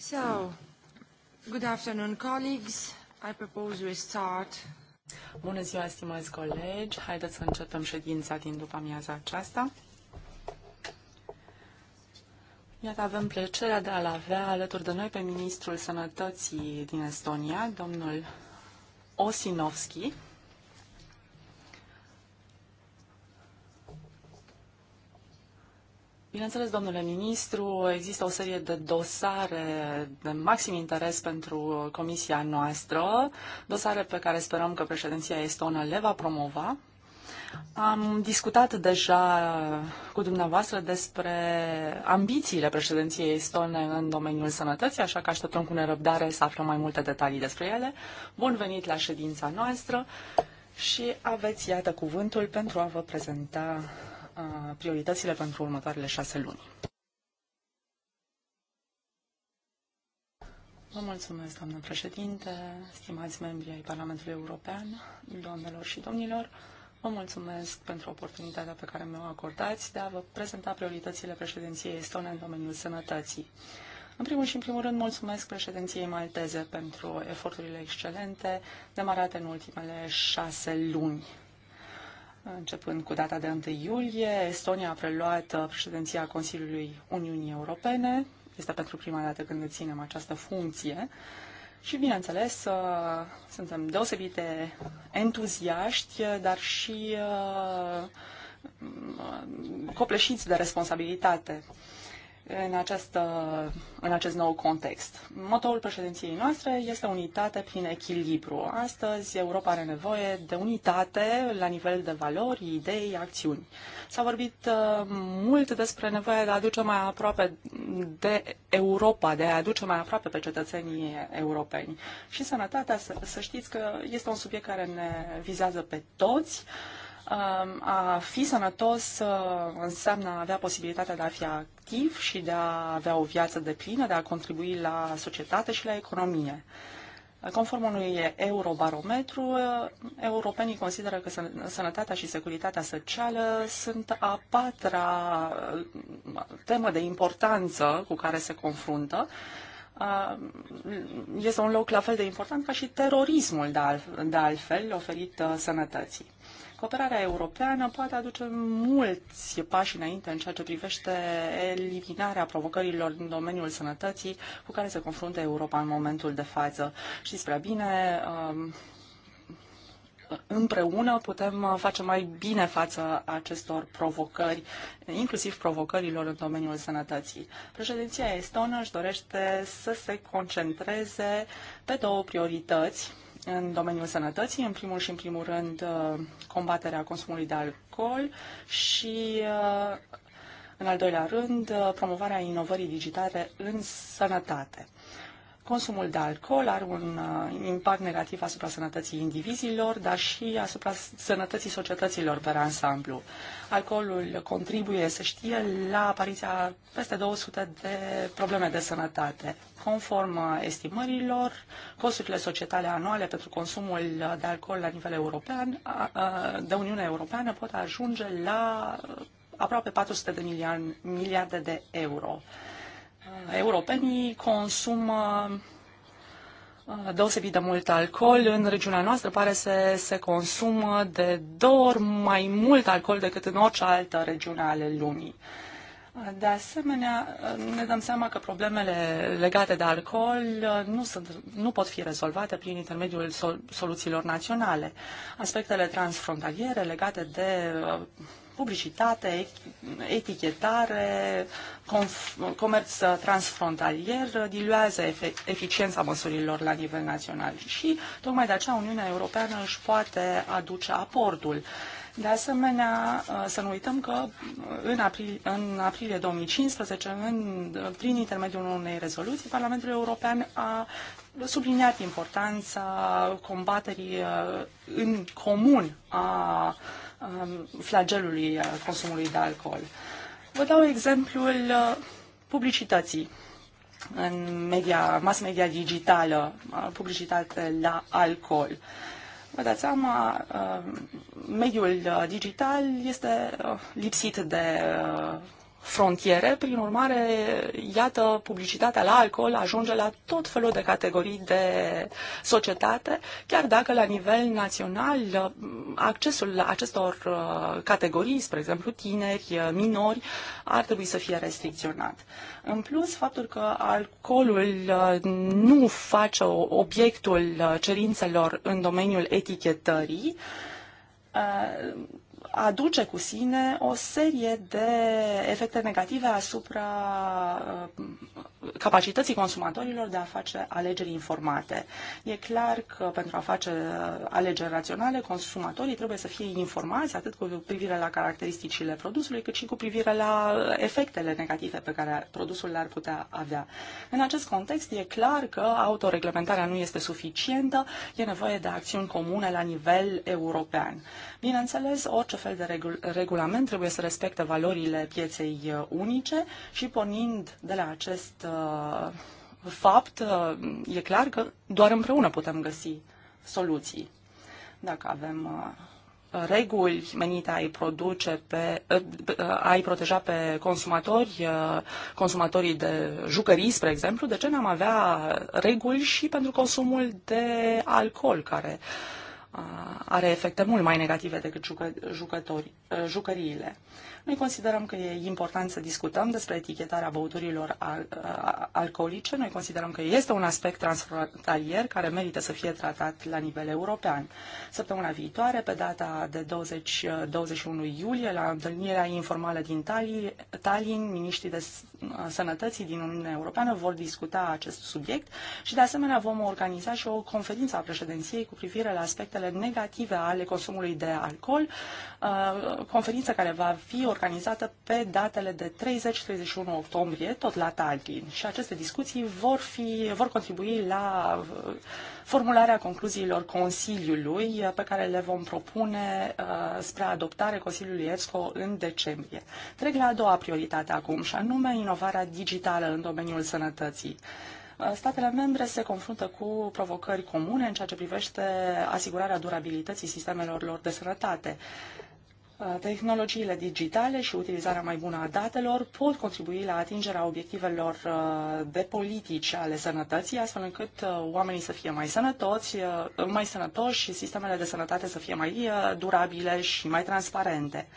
So, good afternoon, colleagues. I propose we start. Bună ziua, stimați colegi. Haideți să începem ședința din după amiaza aceasta. Iată, avem plăcerea de a-l avea alături de noi pe Ministrul Sănătății din Estonia, domnul Osinovski. Bineînțeles, domnule ministru, există o serie de dosare de maxim interes pentru comisia noastră, dosare pe care sperăm că președinția estonă le va promova. Am discutat deja cu dumneavoastră despre ambițiile președinției estone în domeniul sănătății, așa că așteptăm cu nerăbdare să aflăm mai multe detalii despre ele. Bun venit la ședința noastră și aveți, iată, cuvântul pentru a vă prezenta Uh, prioritățile pentru următoarele șase luni. Vă mulțumesc, doamnă președinte, stimați membri ai Parlamentului European, doamnelor și domnilor. Vă mulțumesc pentru oportunitatea pe care mi-o acordați de a vă prezenta prioritățile președinției estone în domeniul sănătății. În primul și în primul rând, mulțumesc președinției malteze pentru eforturile excelente demarate în ultimele șase luni Începând cu data de 1 iulie, Estonia a preluat uh, președinția Consiliului Uniunii Europene. Este pentru prima dată când ținem această funcție. Și, bineînțeles, uh, suntem deosebite entuziaști, dar și uh, copleșiți de responsabilitate în, această, în acest nou context. Motoul președinției noastre este unitate prin echilibru. Astăzi Europa are nevoie de unitate la nivel de valori, idei, acțiuni. S-a vorbit uh, mult despre nevoia de a aduce mai aproape de Europa, de a aduce mai aproape pe cetățenii europeni. Și sănătatea, să, să știți că este un subiect care ne vizează pe toți. Uh, Um, a fi sănătos uh, înseamnă a avea posibilitatea de a fi activ și de a avea o viață de plină, de a contribui la societate și la economie. Conform unui eurobarometru, uh, europenii consideră că sănătatea și securitatea socială sunt a patra uh, temă de importanță cu care se confruntă. Este un loc la fel de important ca și terorismul, de altfel, oferit sănătății. Cooperarea europeană poate aduce mulți pași înainte în ceea ce privește eliminarea provocărilor în domeniul sănătății cu care se confruntă Europa în momentul de față. Și, spre bine, um, împreună putem face mai bine față acestor provocări, inclusiv provocărilor în domeniul sănătății. Președinția estonă își dorește să se concentreze pe două priorități în domeniul sănătății, în primul și în primul rând uh, combaterea consumului de alcool și uh, în al doilea rând uh, promovarea inovării digitale în sănătate. Consumul de alcool are un uh, impact negativ asupra sănătății indivizilor, dar și asupra sănătății societăților pe ansamblu. Alcoolul contribuie, să știe, la apariția peste 200 de probleme de sănătate. Conform uh, estimărilor, costurile societale anuale pentru consumul de alcool la nivel european, de Uniunea Europeană, pot ajunge la uh, aproape 400 de miliarde de euro europenii consumă uh, deosebit de mult alcool. În regiunea noastră pare să se consumă de două ori mai mult alcool decât în orice altă regiune ale lumii. Uh, de asemenea, uh, ne dăm seama că problemele legate de alcool nu, sunt, nu pot fi rezolvate prin intermediul sol, soluțiilor naționale. Aspectele transfrontaliere legate de publicitate, etichetare, comerț transfrontalier diluează eficiența măsurilor la nivel național și tocmai de aceea Uniunea Europeană își poate aduce aportul. De asemenea, uh, să nu uităm că uh, în, april, în aprilie 2015, în, uh, prin intermediul unei rezoluții, Parlamentul European a subliniat importanța combaterii în comun a um, flagelului consumului de alcool. Vă dau exemplul publicității în media, mass media digitală, publicitate la alcool. Uh, Vă dați seama, uh, mediul uh, digital este uh, lipsit de frontiere, prin urmare, iată, publicitatea la alcool ajunge la tot felul de categorii de societate, chiar dacă la nivel național accesul la acestor uh, categorii, spre exemplu tineri, uh, minori, ar trebui să fie restricționat. În plus, faptul că alcoolul uh, nu face obiectul cerințelor în domeniul etichetării, aduce cu sine o serie de efecte negative asupra uh, capacității consumatorilor de a face alegeri informate. E clar că pentru a face alegeri raționale, consumatorii trebuie să fie informați atât cu privire la caracteristicile produsului, cât și cu privire la efectele negative pe care produsul le-ar putea avea. În acest context, e clar că autoreglementarea nu este suficientă, e nevoie de acțiuni comune la nivel european. Bineînțeles, orice fel de regul regulament trebuie să respecte valorile pieței uh, unice și pornind de la acest uh, fapt, uh, e clar că doar împreună putem găsi soluții. Dacă avem reguli menite a-i produce pe, a-i proteja pe consumatori, consumatorii de jucării, spre exemplu, de ce n-am avea reguli și pentru consumul de alcool, care uh, are efecte mult mai negative decât jucă, jucători, jucăriile. Noi considerăm că e important să discutăm despre etichetarea băuturilor al, alcoolice. Noi considerăm că este un aspect transfrontalier care merită să fie tratat la nivel european. Săptămâna viitoare, pe data de 20-21 iulie, la întâlnirea informală din Tallinn, miniștrii de sănătății din Uniunea Europeană vor discuta acest subiect și, de asemenea, vom organiza și o conferință a președinției cu privire la aspectele negative ale consumului de alcool, uh, conferință care va fi organizată pe datele de 30-31 octombrie, tot la Tallinn. Și aceste discuții vor, fi, vor contribui la uh, formularea concluziilor Consiliului uh, pe care le vom propune uh, spre adoptare Consiliului ESCO în decembrie. Trec la a doua prioritate acum, și anume inovarea digitală în domeniul sănătății uh, statele membre se confruntă cu provocări comune în ceea ce privește asigurarea durabilității sistemelor lor de sănătate. Uh, tehnologiile digitale și utilizarea mai bună a datelor pot contribui la atingerea obiectivelor uh, de politici ale sănătății, astfel încât uh, oamenii să fie mai sănătoți, mai sănătoși și sistemele de sănătate să fie mai durabile și mai transparente.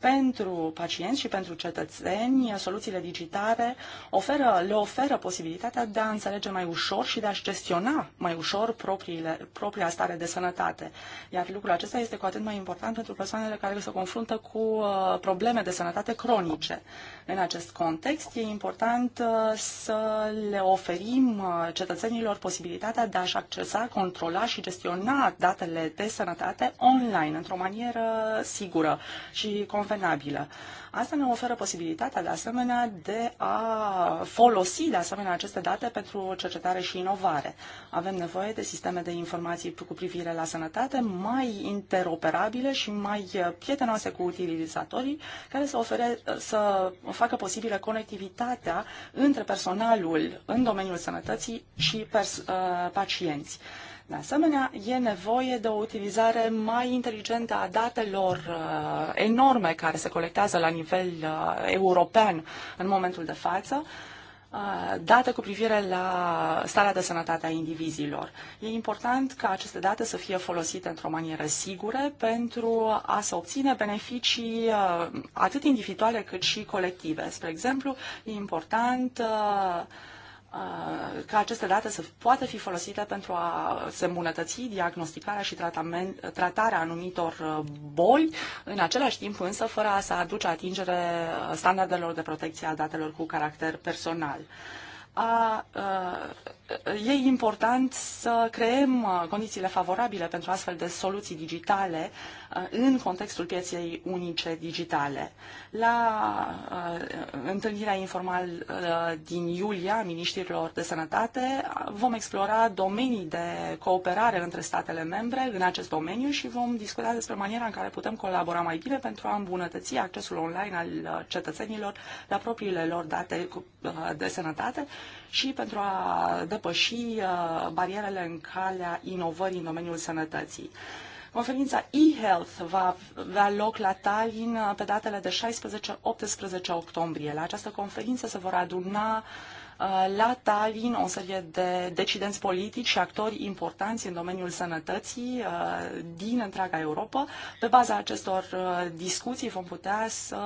Pentru pacienți și pentru cetățeni, soluțiile digitale oferă, le oferă posibilitatea de a înțelege mai ușor și de a-și gestiona mai ușor propriile, propria stare de sănătate. Iar lucrul acesta este cu atât mai important pentru persoanele care se confruntă cu uh, probleme de sănătate cronice. În acest context, e important uh, să le oferim uh, cetățenilor posibilitatea de a-și accesa, controla și gestiona datele de sănătate online, într-o manieră sigură și conform convenabilă. Asta ne oferă posibilitatea, de asemenea, de a folosi, de asemenea, aceste date pentru cercetare și inovare. Avem nevoie de sisteme de informații cu privire la sănătate mai interoperabile și mai prietenoase cu utilizatorii, care să, ofere, să facă posibilă conectivitatea între personalul în domeniul sănătății și pers- uh, pacienți. De asemenea, e nevoie de o utilizare mai inteligentă a datelor uh, enorme care se colectează la nivel uh, european în momentul de față, uh, date cu privire la starea de sănătate a indivizilor. E important ca aceste date să fie folosite într-o manieră sigură pentru a se obține beneficii uh, atât individuale cât și colective. Spre exemplu, e important uh, Uh, ca aceste date să poată fi folosite pentru a se îmbunătăți diagnosticarea și tratament, tratarea anumitor uh, boli, în același timp însă fără a să aduce atingere uh, standardelor de protecție a datelor cu caracter personal. A, a, e important să creăm condițiile favorabile pentru astfel de soluții digitale Uh, în contextul pieței unice digitale. La uh, întâlnirea informală uh, din iulie a ministrilor de sănătate vom explora domenii de cooperare între statele membre în acest domeniu și vom discuta despre maniera în care putem colabora mai bine pentru a îmbunătăți accesul online al cetățenilor la propriile lor date de sănătate și pentru a depăși barierele în calea inovării în domeniul sănătății. Conferința e-health va avea loc la Tallinn uh, pe datele de 16-18 octombrie. La această conferință se vor aduna uh, la Tallinn o serie de decidenți politici și actori importanți în domeniul sănătății uh, din întreaga Europa. Pe baza acestor discuții vom putea să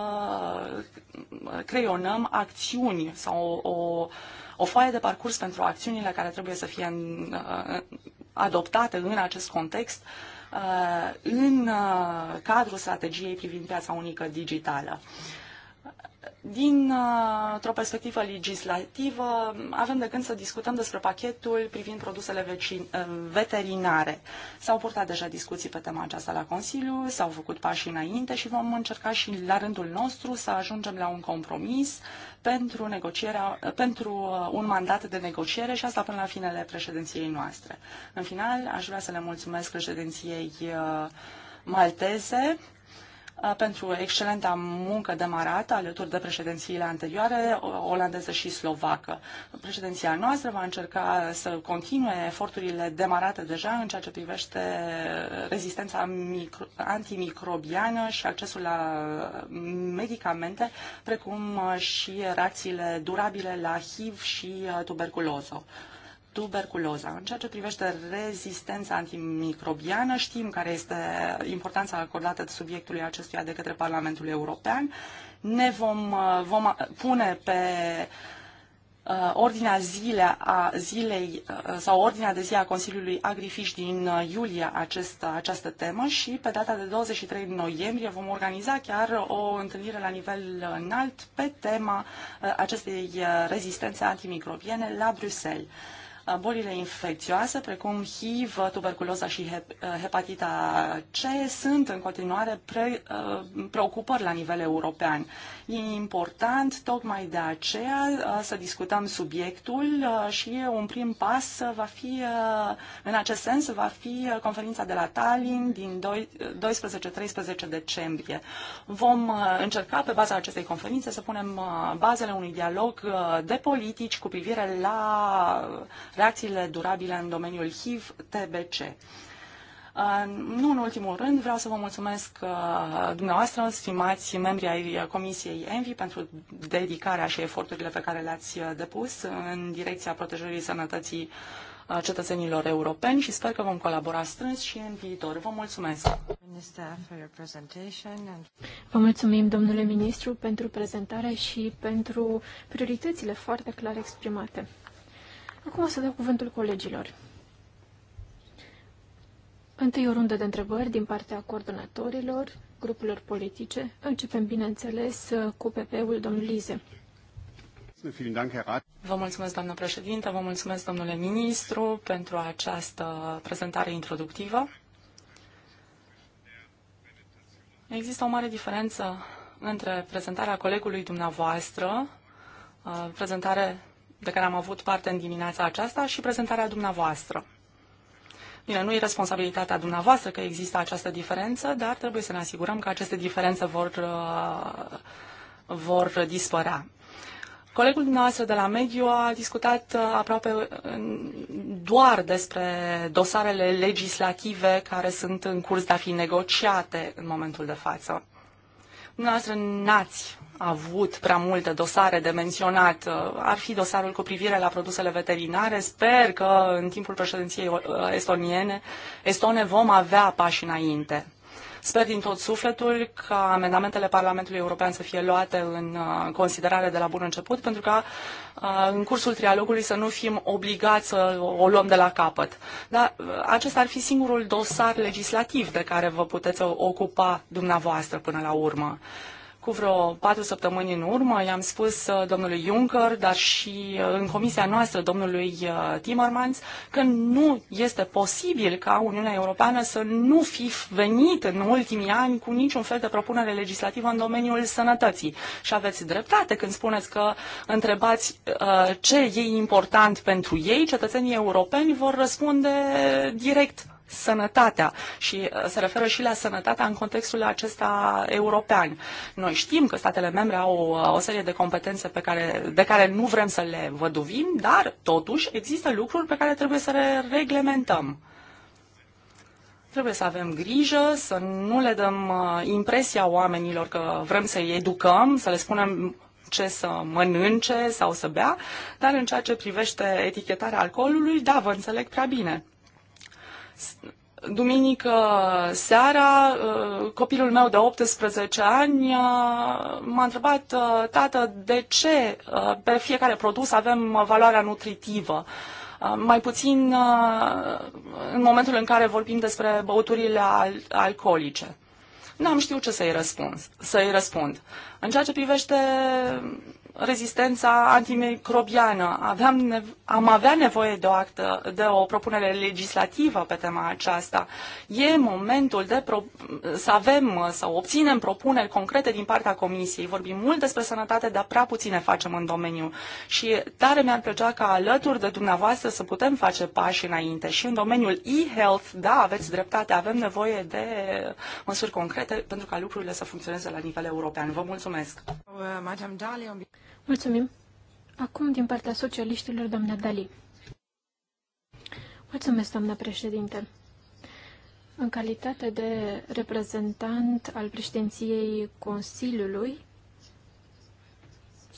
creionăm acțiuni sau o, o, o foaie de parcurs pentru acțiunile care trebuie să fie în, adoptate în acest context uh, Uh, în uh, cadrul strategiei privind piața unică digitală. Dintr-o uh, perspectivă legislativă, avem de gând să discutăm despre pachetul privind produsele uh, veterinare. S-au purtat deja discuții pe tema aceasta la Consiliu, s-au făcut pași înainte și vom încerca și la rândul nostru să ajungem la un compromis pentru, negocierea, uh, pentru un mandat de negociere și asta până la finele președinției noastre. În final, aș vrea să le mulțumesc președinției malteze Uh, pentru excelenta muncă demarată alături de președințiile anterioare, olandeză și slovacă. Președinția noastră va încerca să continue eforturile demarate deja în ceea ce privește rezistența micro, antimicrobiană și accesul la medicamente, precum și reacțiile durabile la HIV și uh, tuberculoză tuberculoza. În ceea ce privește rezistența antimicrobiană, știm care este importanța acordată subiectului acestuia de către Parlamentul European. Ne vom, uh, vom uh, pune pe uh, ordinea zile a zilei sau ordinea de zi a Consiliului Agrifish din iulie acest, această temă și pe data de 23 noiembrie vom organiza chiar o întâlnire la nivel înalt pe tema acestei rezistențe antimicrobiene la Bruxelles. Bolile infecțioase, precum HIV, tuberculoza și uh, hepatita C, sunt în continuare pre, uh, preocupări la nivel european. E important tocmai de aceea uh, să discutăm subiectul uh, și un prim pas va fi, uh, în acest sens, va fi conferința de la Tallinn din 12-13 decembrie. Vom încerca pe baza acestei conferințe să punem bazele unui dialog de politici cu privire la reacțiile durabile în domeniul HIV-TBC. Nu în ultimul rând, vreau să vă mulțumesc uh, dumneavoastră, stimați membri ai Comisiei Envi, pentru dedicarea și eforturile pe care le-ați uh, depus în direcția protejării sănătății uh, cetățenilor europeni și sper că vom colabora strâns și în viitor. Vă mulțumesc! Vă mulțumim, domnule ministru, pentru prezentare și pentru prioritățile foarte clar exprimate. Acum o să dau cuvântul colegilor. Întâi o rundă de întrebări din partea coordonatorilor, grupurilor politice. Începem, bineînțeles, cu PP-ul domnul Lize. Vă mulțumesc, doamnă președinte, vă mulțumesc, domnule ministru, pentru această prezentare introductivă. Există o mare diferență între prezentarea colegului dumneavoastră, uh, prezentare de care am avut parte în dimineața aceasta, și prezentarea dumneavoastră. Bine, nu e responsabilitatea dumneavoastră că există această diferență, dar trebuie să ne asigurăm că aceste diferențe vor, uh, vor dispărea. Colegul dumneavoastră de la Mediu a discutat uh, aproape doar despre dosarele legislative care sunt în curs de a fi negociate în momentul de față. Dumneavoastră n-ați avut prea multe dosare de menționat. Ar fi dosarul cu privire la produsele veterinare. Sper că în timpul președinției estoniene, estone vom avea pași înainte. Sper din tot sufletul ca amendamentele Parlamentului European să fie luate în uh, considerare de la bun început, pentru că uh, în cursul trialogului să nu fim obligați să o luăm de la capăt. Dar uh, acesta ar fi singurul dosar legislativ de care vă puteți ocupa dumneavoastră până la urmă. Cu vreo patru săptămâni în urmă i-am spus uh, domnului Juncker, dar și uh, în comisia noastră domnului uh, Timmermans, că nu este posibil ca Uniunea Europeană să nu fi venit în ultimii ani cu niciun fel de propunere legislativă în domeniul sănătății. Și aveți dreptate când spuneți că întrebați ce e important pentru ei, cetățenii europeni vor răspunde direct sănătatea și uh, se referă și la sănătatea în contextul acesta european. Noi știm că statele membre au uh, o, serie de competențe pe care, de care nu vrem să le văduvim, dar totuși există lucruri pe care trebuie să le reglementăm. Trebuie să avem grijă, să nu le dăm uh, impresia oamenilor că vrem să-i educăm, să le spunem ce să mănânce sau să bea, dar în ceea ce privește etichetarea alcoolului, da, vă înțeleg prea bine duminică seara, uh, copilul meu de 18 ani uh, m-a întrebat, uh, tată, de ce pe fiecare produs avem valoarea nutritivă? Mai puțin în momentul în care vorbim despre băuturile al- alcoolice. N-am știut ce să-i răspund. Să-i răspund. În ceea ce privește rezistența antimicrobiană. Aveam am avea nevoie de o, actă, de o propunere legislativă pe tema aceasta. E momentul de pro, să avem, să obținem propuneri concrete din partea Comisiei. Vorbim mult despre sănătate, dar prea puține facem în domeniu. Și tare mi-ar plăcea ca alături de dumneavoastră să putem face pași înainte. Și în domeniul e-health, da, aveți dreptate, avem nevoie de măsuri concrete pentru ca lucrurile să funcționeze la nivel european. Vă mulțumesc! Madame Dali, Mulțumim. Acum, din partea socialiștilor, doamna Dali. Mulțumesc, doamna președinte. În calitate de reprezentant al președinției Consiliului,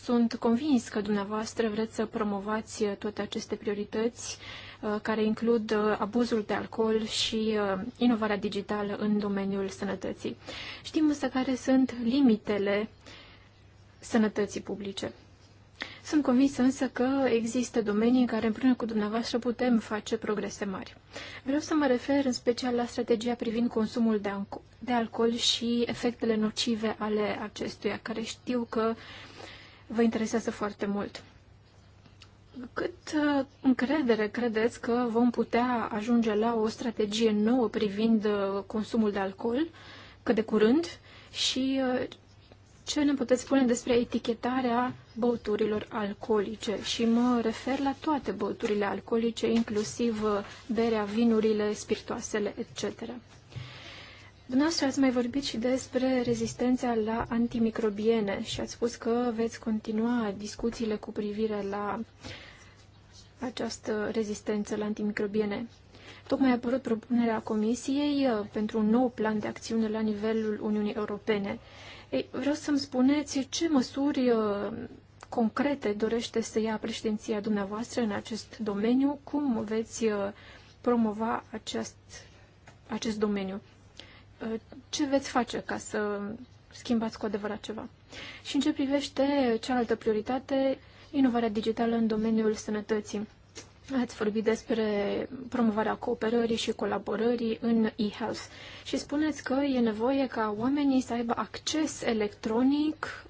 sunt convins că dumneavoastră vreți să promovați toate aceste priorități uh, care includ uh, abuzul de alcool și uh, inovarea digitală în domeniul sănătății. Știm însă care sunt limitele sănătății publice. Sunt convins însă că există domenii în care împreună cu dumneavoastră putem face progrese mari. Vreau să mă refer în special la strategia privind consumul de, de alcool și efectele nocive ale acestuia, care știu că vă interesează foarte mult. Cât uh, încredere credeți că vom putea ajunge la o strategie nouă privind uh, consumul de alcool, cât de curând, și uh, ce ne puteți spune despre etichetarea băuturilor alcoolice și mă refer la toate băuturile alcoolice, inclusiv uh, berea, vinurile, spiritoasele, etc. Dumneavoastră ați mai vorbit și despre rezistența la antimicrobiene și ați spus că veți continua discuțiile cu privire la această rezistență la antimicrobiene. Tocmai a apărut propunerea Comisiei uh, pentru un nou plan de acțiune la nivelul Uniunii Europene. Ei, vreau să-mi spuneți ce măsuri uh, concrete dorește să ia președinția dumneavoastră în acest domeniu? Cum veți uh, promova acest, acest domeniu? Uh, ce veți face ca să schimbați cu adevărat ceva? Și în ce privește cealaltă prioritate, inovarea digitală în domeniul sănătății. Ați vorbit despre promovarea cooperării și colaborării în e-health și spuneți că e nevoie ca oamenii să aibă acces electronic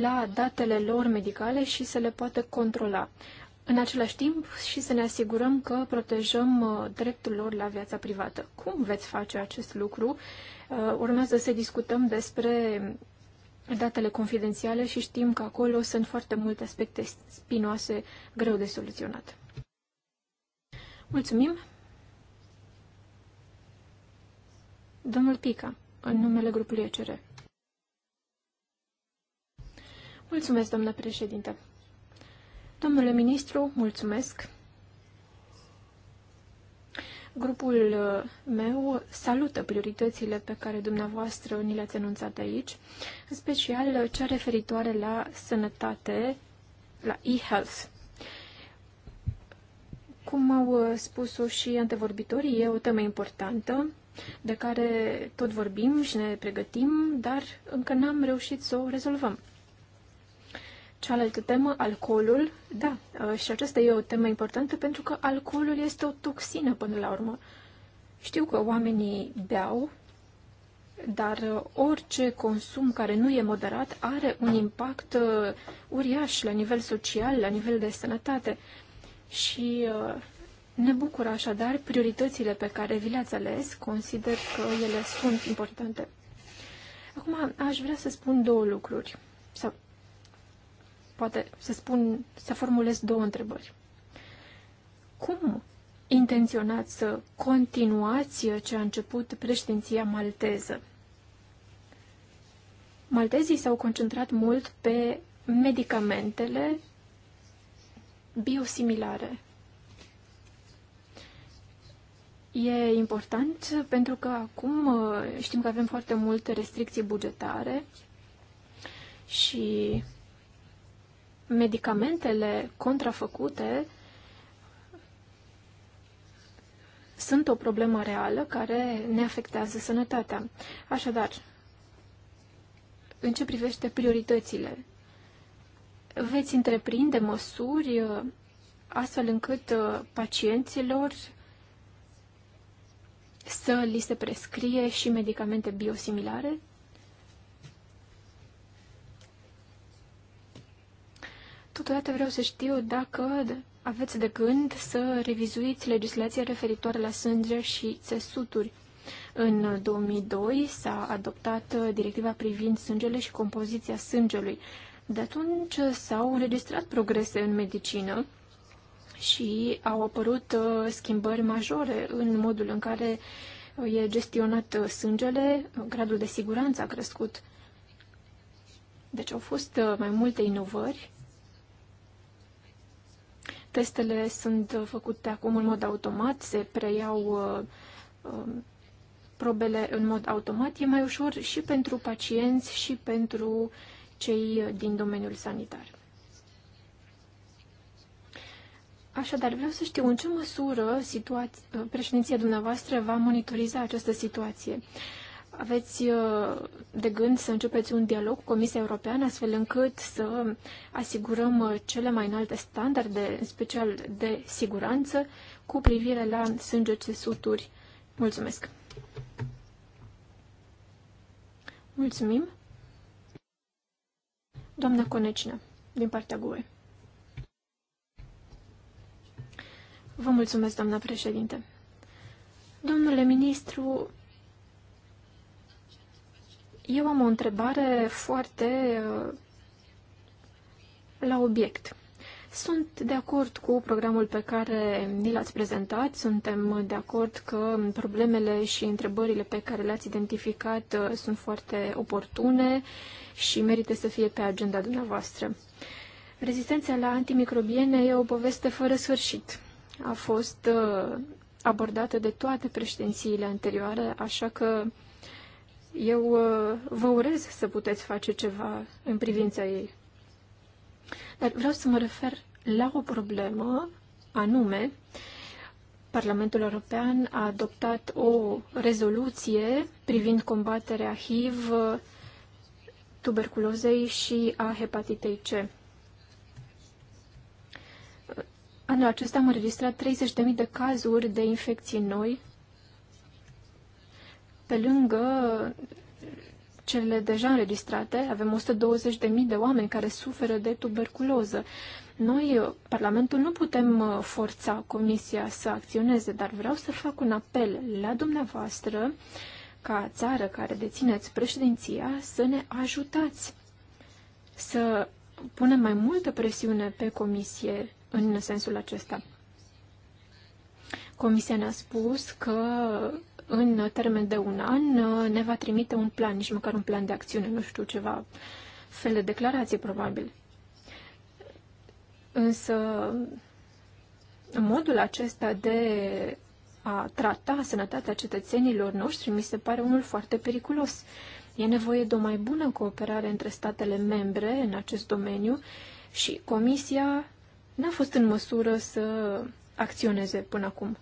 la datele lor medicale și să le poată controla. În același timp și să ne asigurăm că protejăm uh, dreptul lor la viața privată. Cum veți face acest lucru? Uh, urmează să discutăm despre datele confidențiale și știm că acolo sunt foarte multe aspecte spinoase greu de soluționat. Mulțumim! Domnul Pica, în numele grupului ECR. Mulțumesc, doamnă președinte. Domnule ministru, mulțumesc. Grupul uh, meu salută prioritățile pe care dumneavoastră ni le-ați anunțat aici, în special cea referitoare la sănătate, la e-health. Cum au uh, spus-o și antevorbitorii, e o temă importantă de care tot vorbim și ne pregătim, dar încă n-am reușit să o rezolvăm. Cealaltă temă, alcoolul, da, uh, și aceasta e o temă importantă pentru că alcoolul este o toxină până la urmă. Știu că oamenii beau, dar uh, orice consum care nu e moderat are un impact uh, uriaș la nivel social, la nivel de sănătate. Și ne bucură așadar prioritățile pe care vi le-ați ales, consider că ele sunt importante. Acum aș vrea să spun două lucruri, sau poate să spun, să formulez două întrebări. Cum intenționați să continuați ce a început președinția malteză? Maltezii s-au concentrat mult pe medicamentele biosimilare. E important pentru că acum uh, știm că avem foarte multe restricții bugetare și medicamentele contrafăcute sunt o problemă reală care ne afectează sănătatea. Așadar, în ce privește prioritățile, veți întreprinde măsuri uh, astfel încât uh, pacienților să li se prescrie și medicamente biosimilare? Totodată vreau să știu dacă aveți de gând să revizuiți legislația referitoare la sânge și țesuturi. În 2002 s-a adoptat uh, directiva privind sângele și compoziția sângelui. De atunci s-au înregistrat progrese în medicină și au apărut uh, schimbări majore în modul în care uh, e gestionat sângele, gradul de siguranță a crescut. Deci au fost mai multe inovări Testele sunt făcute acum în mod automat, se preiau uh, um, probele în mod automat. E mai ușor și pentru pacienți și pentru cei din domeniul sanitar. Așadar, vreau să știu în ce măsură uh, președinția dumneavoastră va monitoriza această situație aveți uh, de gând să începeți un dialog cu Comisia Europeană astfel încât să asigurăm uh, cele mai înalte standarde, în special de siguranță, cu privire la sânge țesuturi. Mulțumesc! Mulțumim! Doamna Conecină, din partea GUE. Vă mulțumesc, doamna președinte. Domnule ministru, eu am o întrebare foarte uh, la obiect. Sunt de acord cu programul pe care ni l-ați prezentat, suntem de acord că problemele și întrebările pe care le-ați identificat uh, sunt foarte oportune și merită să fie pe agenda dumneavoastră. Rezistența la antimicrobiene e o poveste fără sfârșit. A fost uh, abordată de toate președințiile anterioare, așa că eu uh, vă urez să puteți face ceva în privința ei. Dar vreau să mă refer la o problemă, anume, Parlamentul European a adoptat o rezoluție privind combaterea HIV, tuberculozei și a hepatitei C. Anul acesta am înregistrat 30.000 de cazuri de infecții noi pe lângă cele deja înregistrate, avem 120.000 de oameni care suferă de tuberculoză. Noi, Parlamentul, nu putem uh, forța Comisia să acționeze, dar vreau să fac un apel la dumneavoastră, ca țară care dețineți președinția, să ne ajutați să punem mai multă presiune pe Comisie în sensul acesta. Comisia ne-a spus că în termen de un an uh, ne va trimite un plan, nici măcar un plan de acțiune, nu știu, ceva fel de declarație probabil. Însă modul acesta de a trata sănătatea cetățenilor noștri mi se pare unul foarte periculos. E nevoie de o mai bună cooperare între statele membre în acest domeniu și Comisia n-a fost în măsură să acționeze până acum.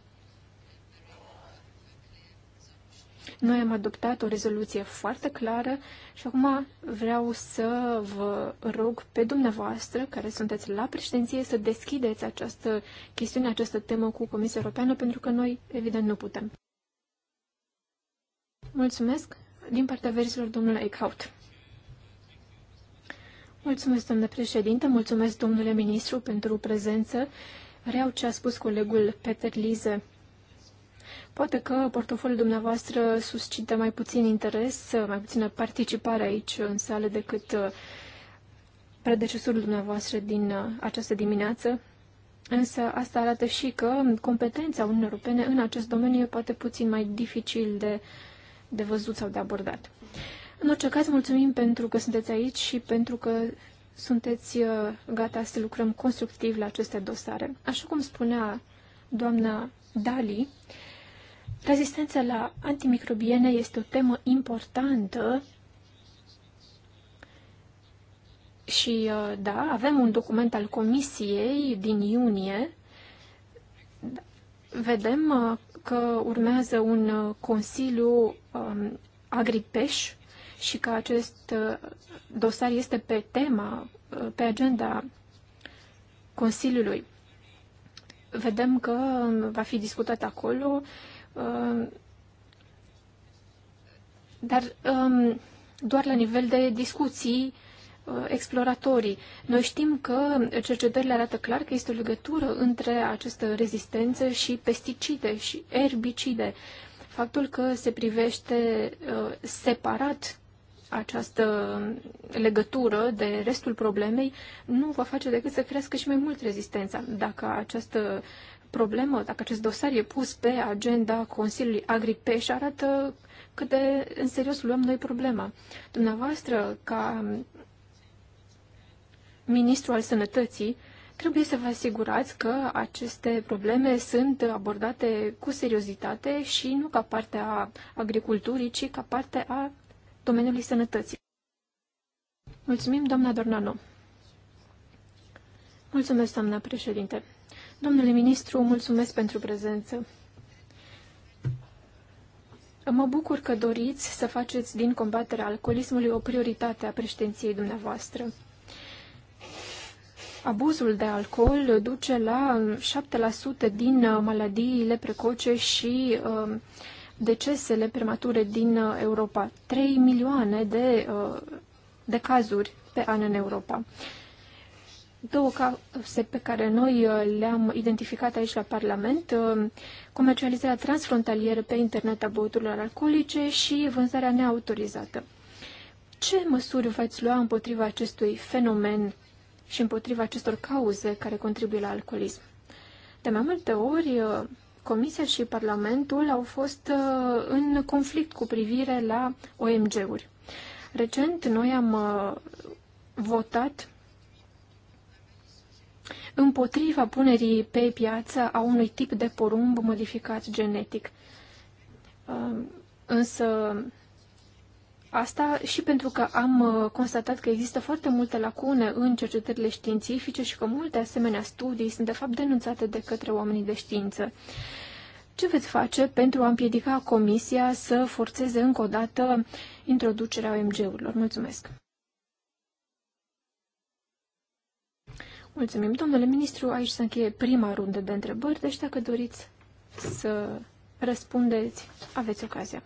Noi am adoptat o rezoluție foarte clară și acum vreau să vă rog pe dumneavoastră, care sunteți la președinție, să deschideți această chestiune, această temă cu Comisia Europeană, pentru că noi, evident, nu putem. Mulțumesc din partea verzilor domnului Eichhout. Mulțumesc, domnule președinte, mulțumesc, domnule ministru, pentru prezență. Reau ce a spus colegul Peter Lize Poate că portofoliul dumneavoastră suscită mai puțin interes, mai puțină participare aici în sală decât uh, predecesorul dumneavoastră din uh, această dimineață, însă asta arată și că competența Uniunii Europene în acest domeniu e poate puțin mai dificil de, de văzut sau de abordat. În orice caz, mulțumim pentru că sunteți aici și pentru că sunteți uh, gata să lucrăm constructiv la aceste dosare. Așa cum spunea doamna Dali, Rezistența la antimicrobiene este o temă importantă și, uh, da, avem un document al Comisiei din iunie. Vedem uh, că urmează un uh, consiliu um, agripeș și că acest dosar este pe tema, pe agenda Consiliului. Vedem că um, va fi discutat acolo uh, Um, dar um, doar la nivel de discuții uh, exploratorii. Noi știm că cercetările arată clar că este o legătură între această rezistență și pesticide și erbicide. Faptul că se privește uh, separat această legătură de restul problemei nu va face decât să crească și mai mult rezistența. Dacă această problemă, dacă acest dosar e pus pe agenda Consiliului Agripeș, arată cât de în serios luăm noi problema. Dumneavoastră, ca ministru al sănătății, trebuie să vă asigurați că aceste probleme sunt abordate cu seriozitate și nu ca parte a agriculturii, ci ca parte a domeniului sănătății. Mulțumim, doamna Dornano. Mulțumesc, doamna președinte. Domnule ministru, mulțumesc pentru prezență. Mă bucur că doriți să faceți din combaterea alcoolismului o prioritate a președinției dumneavoastră. Abuzul de alcool duce la 7% um, din uh, maladiile precoce și um, decesele premature din uh, Europa. 3 milioane de, uh, de cazuri pe an în Europa două case pe care noi uh, le-am identificat aici la Parlament, uh, comercializarea transfrontalieră pe internet a băuturilor alcoolice și vânzarea neautorizată. Ce măsuri veți lua împotriva acestui fenomen și împotriva acestor cauze care contribuie la alcoolism? De mai multe ori, uh, Comisia și Parlamentul au fost în conflict cu privire la OMG-uri. Recent, noi am votat împotriva punerii pe piață a unui tip de porumb modificat genetic. Um, însă asta și pentru că am uh, constatat că există foarte multe lacune în cercetările științifice și că multe asemenea studii sunt de fapt denunțate de către oamenii de știință. Ce veți face pentru a împiedica Comisia să forțeze încă o dată introducerea OMG-urilor? Mulțumesc! Mulțumim, domnule ministru. Aici se încheie prima rundă de întrebări, deci dacă doriți să răspundeți, aveți ocazia.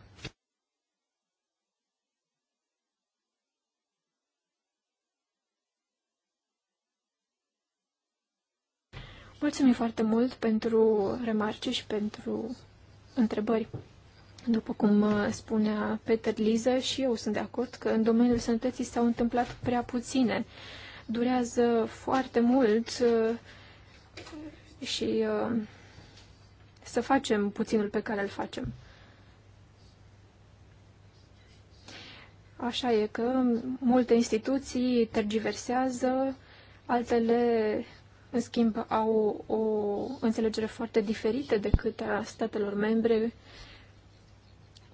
Mulțumim foarte mult pentru remarce și pentru întrebări. După cum uh, spunea Peter Liză, și eu sunt de acord că în domeniul sănătății s-au întâmplat prea puține durează foarte mult uh, și uh, să facem puținul pe care îl facem. Așa e că multe instituții tergiversează, altele, în schimb, au o înțelegere foarte diferită decât a statelor membre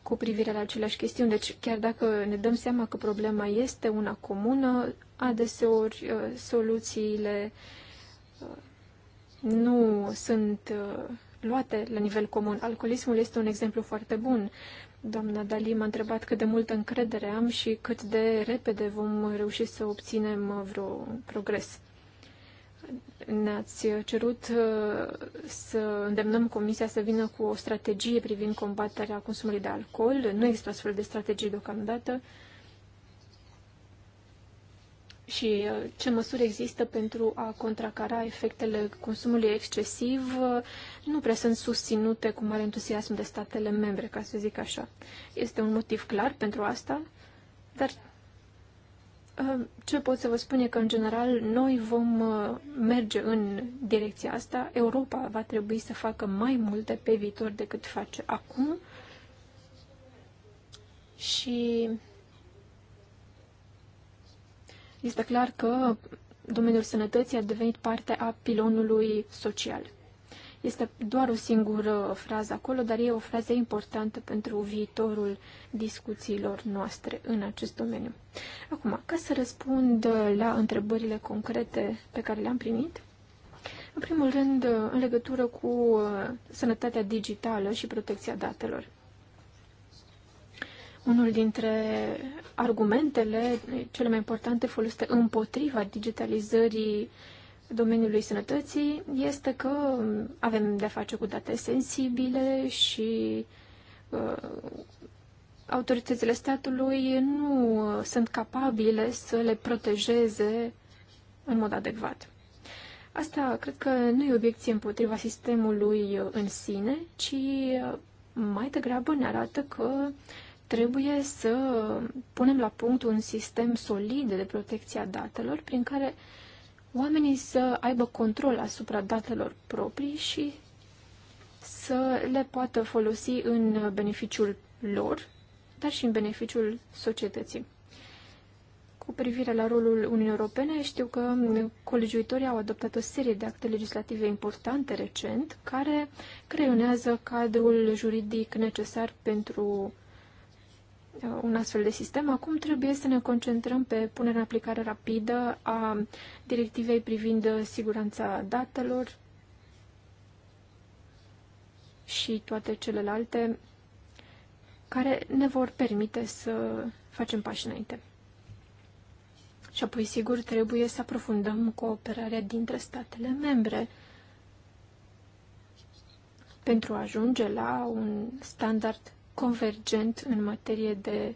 cu privire la aceleași chestiuni. Deci, chiar dacă ne dăm seama că problema este una comună, adeseori uh, soluțiile uh, nu sunt uh, luate la nivel comun. Alcoolismul este un exemplu foarte bun. Doamna Dali m-a întrebat cât de multă încredere am și cât de repede vom reuși să obținem vreo progres. Ne-ați cerut să îndemnăm Comisia să vină cu o strategie privind combaterea consumului de alcool. Nu există astfel de strategie deocamdată. Uh, și uh, ce măsuri există pentru a contracara efectele consumului excesiv uh, nu prea sunt susținute cu mare entuziasm de statele membre, ca să zic așa. Este un motiv clar pentru asta, dar uh, ce pot să vă spun e că, în general, noi vom merge în direcția asta. Europa va trebui să facă mai multe pe viitor decât face acum și este clar că domeniul sănătății a devenit parte a pilonului social. Este doar o singură frază acolo, dar e o frază importantă pentru viitorul discuțiilor noastre în acest domeniu. Acum, ca să răspund la întrebările concrete pe care le-am primit, în primul rând, în legătură cu uh, sănătatea digitală și protecția datelor. Unul dintre argumentele cele mai importante folosite împotriva digitalizării domeniului sănătății este că avem de-a face cu date sensibile și uh, autoritățile statului nu uh, sunt capabile să le protejeze în mod adecvat. Asta cred că nu e obiecție împotriva sistemului uh, în sine, ci uh, mai degrabă ne arată că uh, Trebuie să punem la punct un sistem solid de protecție a datelor prin care oamenii să aibă control asupra datelor proprii și să le poată folosi în beneficiul lor, dar și în beneficiul societății. Cu privire la rolul Uniunii Europene, știu că colegiuitorii au adoptat o serie de acte legislative importante recent, care creionează cadrul juridic necesar pentru un astfel de sistem. Acum trebuie să ne concentrăm pe punerea în aplicare rapidă a directivei privind siguranța datelor și toate celelalte care ne vor permite să facem pași înainte. Și apoi, sigur, trebuie să aprofundăm cooperarea dintre statele membre pentru a ajunge la un standard convergent în materie de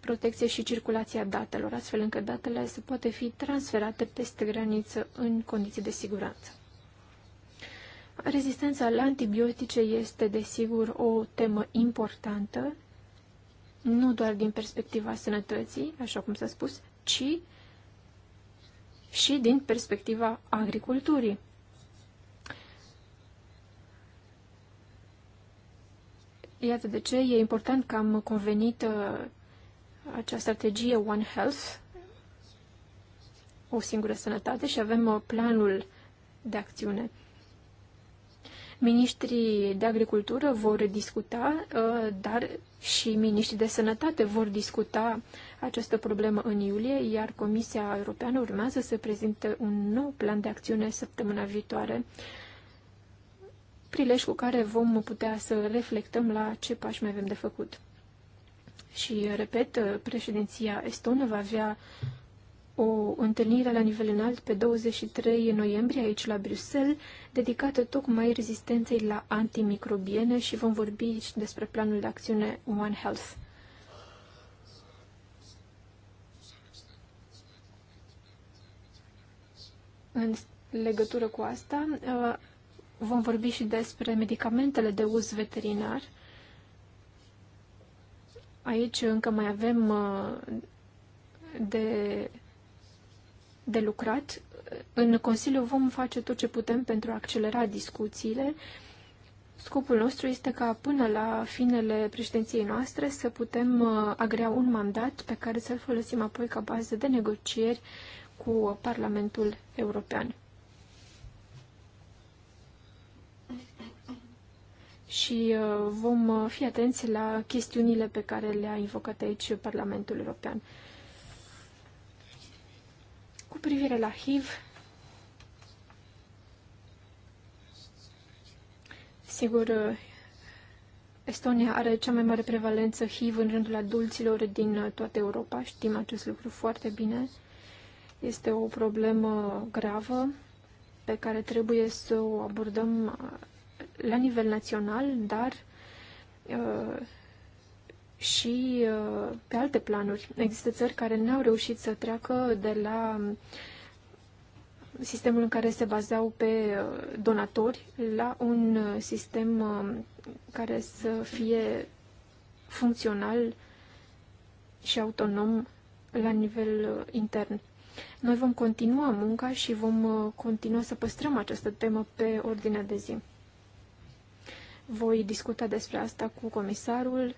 protecție și circulația datelor, astfel încât datele să poate fi transferate peste graniță în condiții de siguranță. Rezistența la antibiotice este, desigur, o temă importantă, nu doar din perspectiva sănătății, așa cum s-a spus, ci și din perspectiva agriculturii. Iată de ce e important că am convenit uh, această strategie One Health, o singură sănătate, și avem uh, planul de acțiune. Ministrii de agricultură vor discuta, uh, dar și ministrii de sănătate vor discuta această problemă în iulie, iar Comisia Europeană urmează să prezinte un nou plan de acțiune săptămâna viitoare prilej cu care vom putea să reflectăm la ce pași mai avem de făcut. Și, repet, președinția estonă va avea o întâlnire la nivel înalt pe 23 noiembrie aici la Bruxelles, dedicată tocmai rezistenței la antimicrobiene și vom vorbi și despre planul de acțiune One Health. În legătură cu asta, vom vorbi și despre medicamentele de uz veterinar. Aici încă mai avem uh, de, de lucrat. În Consiliu vom face tot ce putem pentru a accelera discuțiile. Scopul nostru este ca până la finele președinției noastre să putem uh, agrea un mandat pe care să-l folosim apoi ca bază de negocieri cu Parlamentul European. și uh, vom uh, fi atenți la chestiunile pe care le-a invocat aici Parlamentul European. Cu privire la HIV, sigur, uh, Estonia are cea mai mare prevalență HIV în rândul adulților din toată Europa, știm acest lucru foarte bine. Este o problemă gravă pe care trebuie să o abordăm la nivel național, dar uh, și uh, pe alte planuri. Există țări care n-au reușit să treacă de la sistemul în care se bazau pe uh, donatori la un uh, sistem uh, care să fie funcțional și autonom la nivel intern. Noi vom continua munca și vom continua să păstrăm această temă pe ordinea de zi. Voi discuta despre asta cu comisarul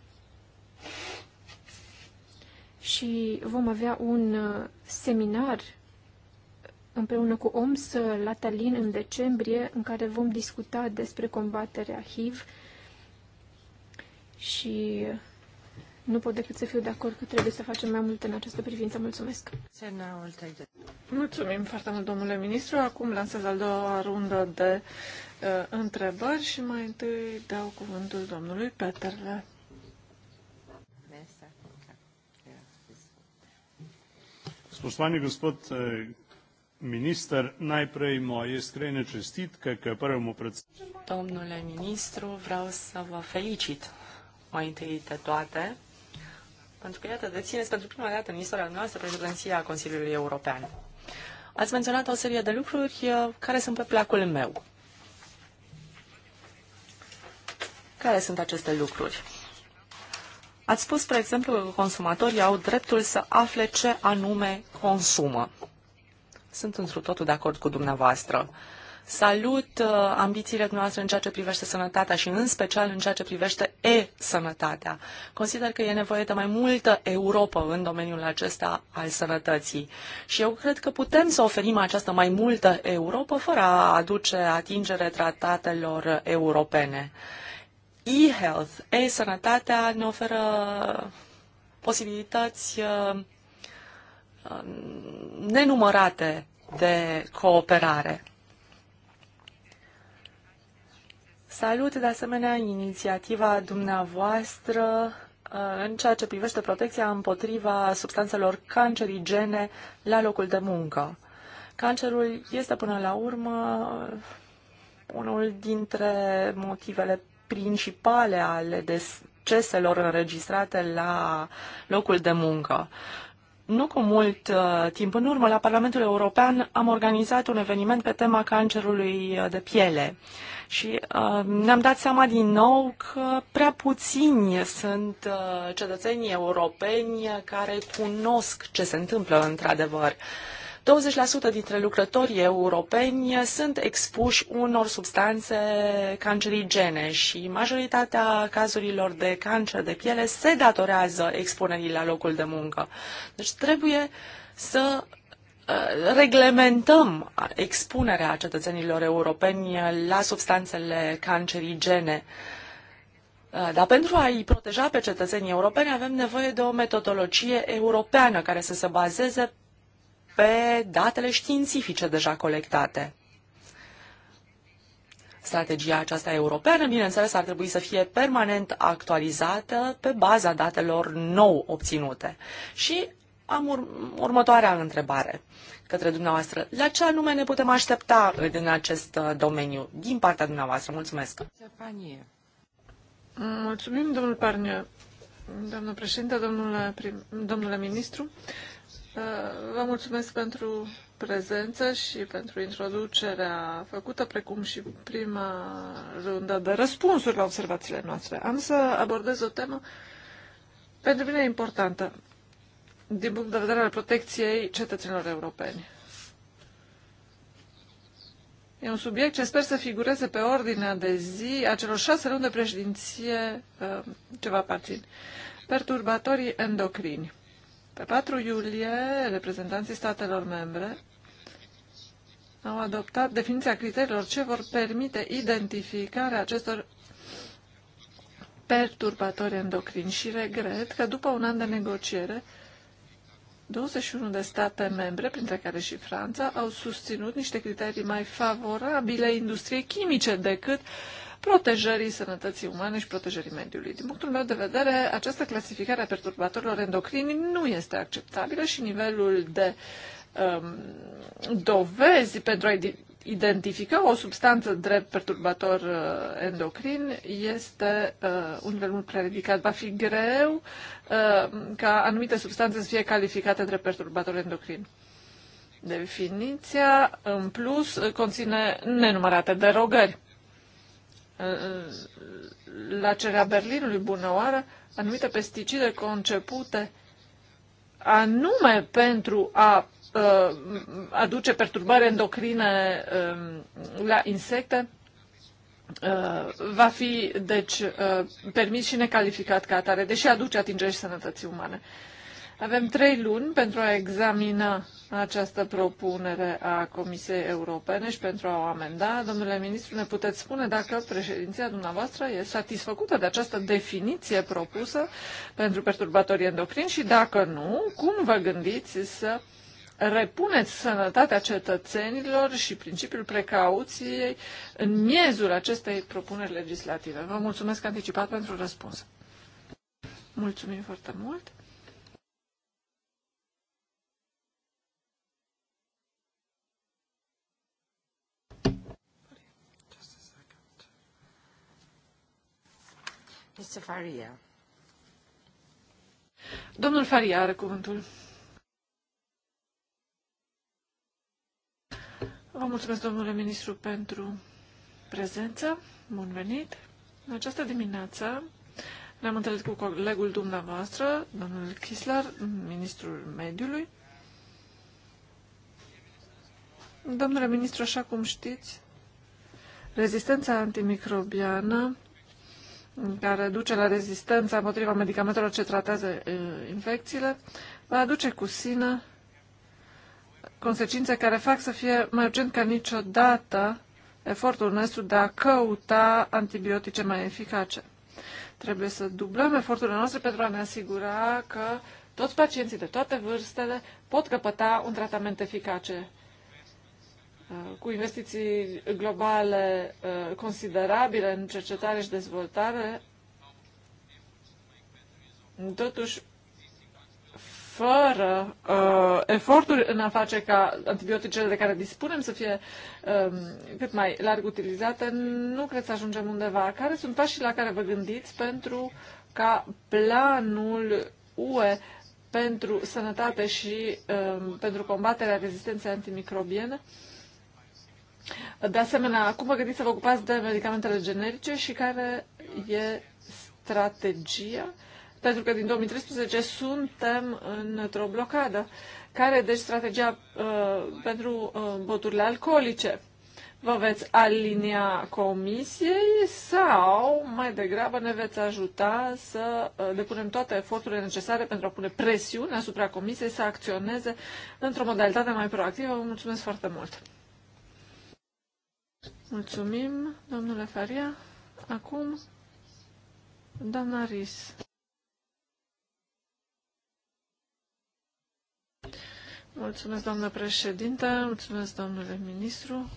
și vom avea un uh, seminar împreună cu OMS la Tallinn în decembrie, în care vom discuta despre combaterea HIV și nu pot decât să fiu de acord că trebuie să facem mai mult în această privință. Mulțumesc! Mulțumim foarte mult, domnule ministru. Acum lansez al doua rundă de uh, întrebări și mai întâi dau cuvântul domnului Peterle. Spoštovani gospod uh, minister, najprej moje iskrene čestitke k prvemu predsedniku. Domnule ministru, vreau să vă felicit mai întâi de toate pentru că, iată, dețineți pentru prima dată în istoria noastră președinția Consiliului European. Ați menționat o serie de lucruri uh, care sunt pe placul meu. Care sunt aceste lucruri? Ați spus, spre exemplu, că consumatorii au dreptul să afle ce anume consumă. Sunt într totul de acord cu dumneavoastră. Uh, Salut uh, ambițiile noastre în ceea ce privește sănătatea și în special în ceea ce privește e-sănătatea. Consider că e nevoie de mai multă Europa în domeniul acesta al sănătății. Și eu cred că putem să oferim această mai multă Europa fără a aduce atingere tratatelor europene. E-health, e-sănătatea ne oferă posibilități uh, uh, nenumărate de cooperare. Salut de asemenea inițiativa dumneavoastră uh, în ceea ce privește protecția împotriva substanțelor cancerigene la locul de muncă. Cancerul este până la urmă unul dintre motivele principale ale deceselor înregistrate la locul de muncă. Nu cu mult uh, timp în urmă, la Parlamentul European am organizat un eveniment pe tema cancerului uh, de piele și uh, ne-am dat seama din nou că prea puțini sunt uh, cetățenii europeni care cunosc ce se întâmplă într-adevăr. Uh, 20% dintre lucrătorii europeni sunt expuși unor substanțe cancerigene și majoritatea cazurilor de cancer de piele se datorează expunerii la locul de muncă. Deci trebuie să uh, reglementăm expunerea cetățenilor europeni la substanțele cancerigene. Uh, dar pentru a-i proteja pe cetățenii europeni avem nevoie de o metodologie europeană care să se bazeze pe datele științifice deja colectate. Strategia aceasta europeană, bineînțeles, ar trebui să fie permanent actualizată pe baza datelor nou obținute. Și am ur- următoarea întrebare către dumneavoastră. La ce anume ne putem aștepta în acest uh, domeniu din partea dumneavoastră? Mulțumesc! Mulțumim, domnul Parnier. Doamnă președinte, domnule, prim, domnule ministru, Uh, vă mulțumesc pentru prezență și pentru introducerea făcută, precum și prima rundă de răspunsuri la observațiile noastre. Am să abordez o temă pentru mine importantă din punct de vedere al protecției cetățenilor europeni. E un subiect ce sper să figureze pe ordinea de zi a celor șase luni de președinție uh, ceva parțin Perturbatorii endocrini. Pe 4 iulie, reprezentanții statelor membre au adoptat definiția criteriilor ce vor permite identificarea acestor perturbatori endocrini și regret că după un an de negociere, 21 de state membre, printre care și Franța, au susținut niște criterii mai favorabile industriei chimice decât uh, protejării sănătății umane și protejării mediului. Din punctul meu de vedere, această clasificare a perturbatorilor endocrini nu este acceptabilă și nivelul de um, dovezi pentru a identifica o substanță drept perturbator uh, endocrin este uh, un nivel mult prea ridicat. Va fi greu uh, ca anumite substanțe să fie calificate drept perturbator endocrin. Definiția, în plus, conține nenumărate derogări la cererea Berlinului bunăoară anumite pesticide concepute anume pentru a uh, aduce perturbare endocrine um, la insecte, uh, va fi, deci, uh, permis și necalificat ca atare, deși aduce atingeri sănătății umane. Avem trei luni pentru a examina această propunere a Comisiei Europene și pentru a o amenda. Domnule ministru, ne puteți spune dacă președinția dumneavoastră e satisfăcută de această definiție propusă pentru perturbatorii endocrini și dacă nu, cum vă gândiți să repuneți sănătatea cetățenilor și principiul precauției în miezul acestei propuneri legislative. Vă mulțumesc anticipat pentru răspuns. Mulțumim foarte mult. Mr. Faria. Domnul Faria are cuvântul. Vă mulțumesc, domnule ministru, pentru prezență. Bun venit. În această dimineață ne-am întâlnit cu colegul dumneavoastră, domnul Kisler, ministrul mediului. Domnule ministru, așa cum știți, rezistența antimicrobiană care duce la rezistența împotriva medicamentelor ce tratează uh, infecțiile, va aduce cu sine consecințe care fac să fie mai urgent ca niciodată efortul nostru de a căuta antibiotice mai eficace. Trebuie să dublăm eforturile noastre pentru a ne asigura că toți pacienții de toate vârstele pot căpăta un tratament eficace Uh, cu investiții globale uh, considerabile în cercetare și dezvoltare, totuși, fără uh, eforturi în a face ca antibioticele de care dispunem să fie um, uh, cât mai larg utilizate, nu cred să ajungem undeva. Care sunt pașii la care vă gândiți pentru ca planul UE pentru sănătate și um, uh, pentru combaterea rezistenței antimicrobiene uh, de asemenea, cum vă gândiți să vă ocupați de medicamentele generice și care e strategia? Pentru că din 2013 suntem într-o blocadă. Care e deci strategia uh, pentru uh, boturile alcoolice? Vă veți alinia comisiei sau mai degrabă ne veți ajuta să uh, depunem toate eforturile necesare pentru a pune presiune asupra comisiei să acționeze într-o modalitate mai proactivă? Vă mulțumesc foarte mult! Mulțumim, domnule Faria. Acum, doamna Ris. Mulțumesc, doamnă președinte, mulțumesc, domnule ministru.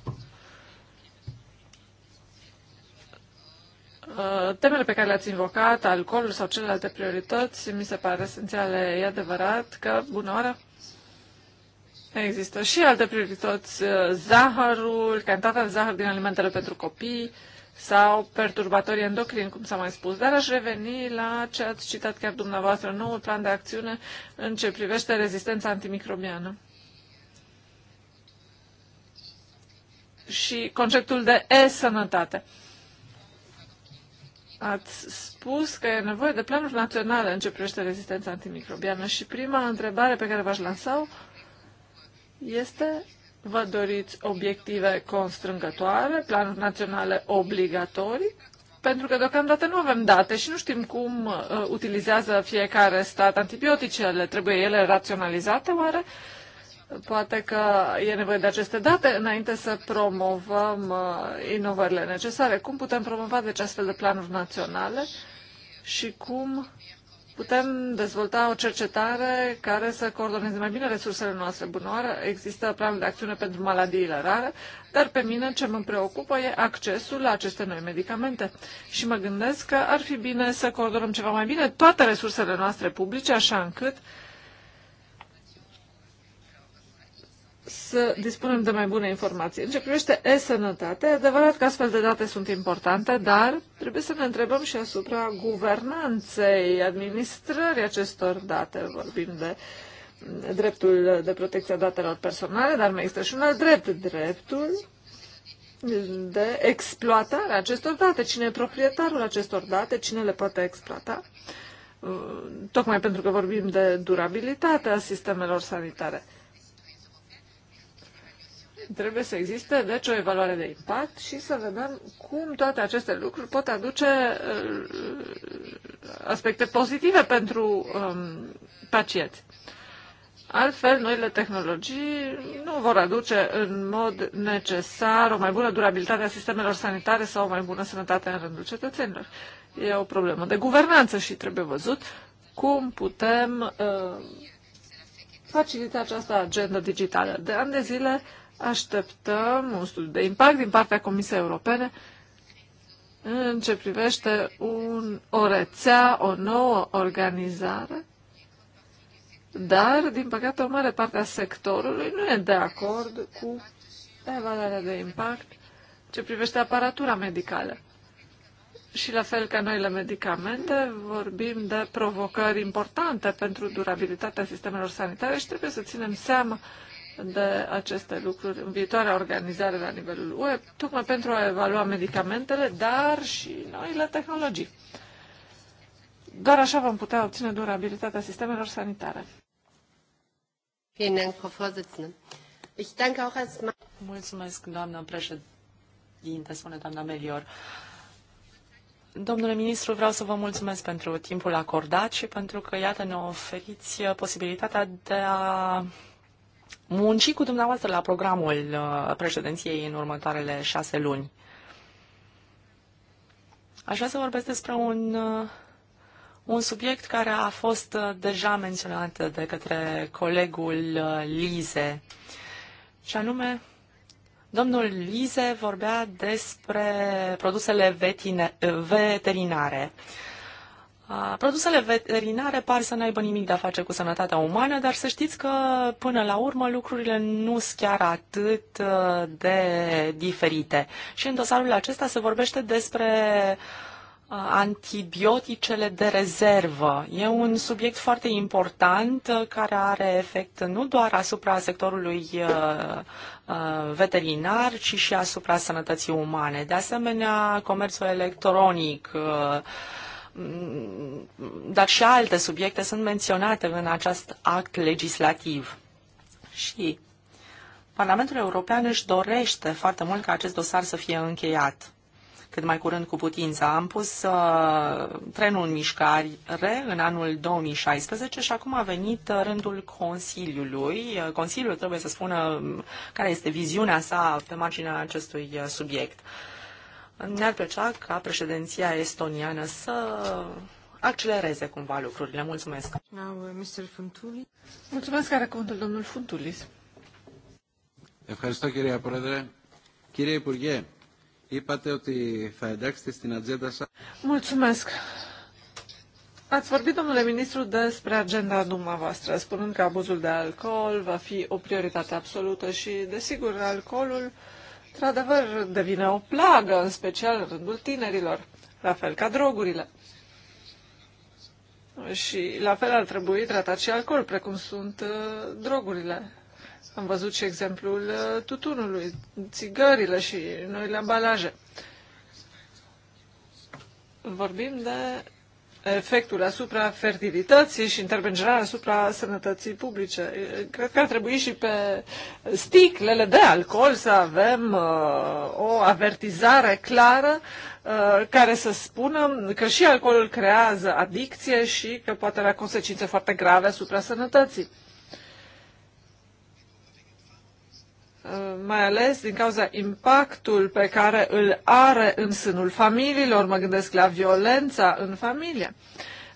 Uh, temele pe care le-ați invocat, alcoolul sau celelalte priorități, mi se pare esențiale. E adevărat că, bună oară, Există și alte priorități, uh, zahărul, cantitatea de zahăr din alimentele pentru copii sau perturbatorii endocrini, cum s-a mai spus. Dar aș reveni la ce ați citat chiar dumneavoastră, noul plan de acțiune în ce privește rezistența antimicrobiană. Și conceptul de e-sănătate. Ați spus că e nevoie de planuri naționale în ce privește rezistența antimicrobiană și prima întrebare pe care v-aș lansa-o este vă doriți obiective constrângătoare, planuri naționale obligatorii, pentru că deocamdată nu avem date și nu știm cum uh, utilizează fiecare stat antibioticele. Trebuie ele raționalizate oare? Poate că e nevoie de aceste date înainte să promovăm uh, inovările necesare. Cum putem promova deci astfel de planuri naționale și cum putem dezvolta o cercetare care să coordoneze mai bine resursele noastre bunoare. Există planul de acțiune pentru maladiile rare, dar pe mine ce mă preocupă e accesul la aceste noi medicamente. Și mă gândesc că ar fi bine să coordonăm ceva mai bine toate resursele noastre publice, așa încât să dispunem de mai bune informații. În ce privește e-sănătate, adevărat că astfel de date sunt importante, dar trebuie să ne întrebăm și asupra guvernanței, administrării acestor date. Vorbim de dreptul de protecție a datelor personale, dar mai există și un alt drept, dreptul de exploatare a acestor date. Cine e proprietarul acestor date, cine le poate exploata? Tocmai pentru că vorbim de durabilitatea sistemelor sanitare. Trebuie să existe, deci, o evaluare de impact și să vedem cum toate aceste lucruri pot aduce uh, aspecte pozitive pentru um, pacienți. Altfel, noile tehnologii nu vor aduce în mod necesar o mai bună durabilitate a sistemelor sanitare sau o mai bună sănătate în rândul cetățenilor. E o problemă de guvernanță și trebuie văzut cum putem uh, facilita această agendă digitală. De ani de zile uh, așteptăm un studiu de impact din partea Comisiei Europene în ce privește un, o rețea, o nouă organizare, dar, din păcate, o mare parte a sectorului nu e de acord cu evaluarea de impact ce privește aparatura medicală. Și la fel ca noile medicamente, vorbim de provocări importante pentru durabilitatea sistemelor sanitare și trebuie să ținem seama de aceste lucruri în viitoarea organizare la nivelul UE, tocmai pentru a evalua medicamentele, dar și noile tehnologii. Doar așa vom putea obține durabilitatea sistemelor sanitare. Mulțumesc, doamnă președinte, spune doamna Melior. Domnule ministru, vreau să vă mulțumesc pentru timpul acordat și pentru că, iată, ne oferiți posibilitatea de a munci cu dumneavoastră la programul uh, președinției în următoarele șase luni. Aș vrea să vorbesc despre un, uh, un subiect care a fost uh, deja menționat de către colegul Lize, și anume Domnul Lize vorbea despre produsele vetine, veterinare. Produsele veterinare par să n-aibă nimic de a face cu sănătatea umană, dar să știți că, până la urmă, lucrurile nu sunt chiar atât uh, de diferite. Și în dosarul acesta se vorbește despre uh, antibioticele de rezervă. E un subiect foarte important uh, care are efect nu doar asupra sectorului veterinar, ci și asupra sănătății umane. De asemenea, comerțul electronic, dar și alte subiecte sunt menționate în acest act legislativ. Și Parlamentul European își dorește foarte mult ca acest dosar să fie încheiat cât mai curând cu putință. Am pus uh, trenul în mișcare în anul 2016 și acum a venit uh, rândul Consiliului. Uh, Consiliul trebuie să spună um, care este viziunea sa pe marginea acestui uh, subiect. Uh, ne-ar plăcea ca președinția estoniană să accelereze cumva lucrurile. Mulțumesc! Now, uh, Mr. Funtulis. Mulțumesc, are cuvântul domnul Funtulis. Ευχαριστώ κυρία Πρόεδρε. Κύριε Υπουργέ, είπατε ότι θα εντάξετε στην ατζέντα σας... Mulțumesc! Ați vorbit, domnule ministru, despre agenda dumneavoastră, spunând că abuzul de alcool va fi o prioritate absolută și, desigur, alcoolul uh, într-adevăr devine o plagă, în special în rândul tinerilor, la fel ca drogurile. Și la fel ar trebui tratat și alcool, precum sunt uh, drogurile. Am văzut și exemplul uh, tutunului, țigările și noile ambalaje. Vorbim de efectul asupra fertilității și, în termen general, asupra sănătății publice. Cred că ar trebui și pe sticlele de alcool să avem uh, o avertizare clară uh, care să spună că și alcoolul creează adicție și că poate avea consecințe foarte grave asupra sănătății. Uh, mai ales din cauza impactul pe care îl are în sânul familiilor, mă gândesc la violența în familie.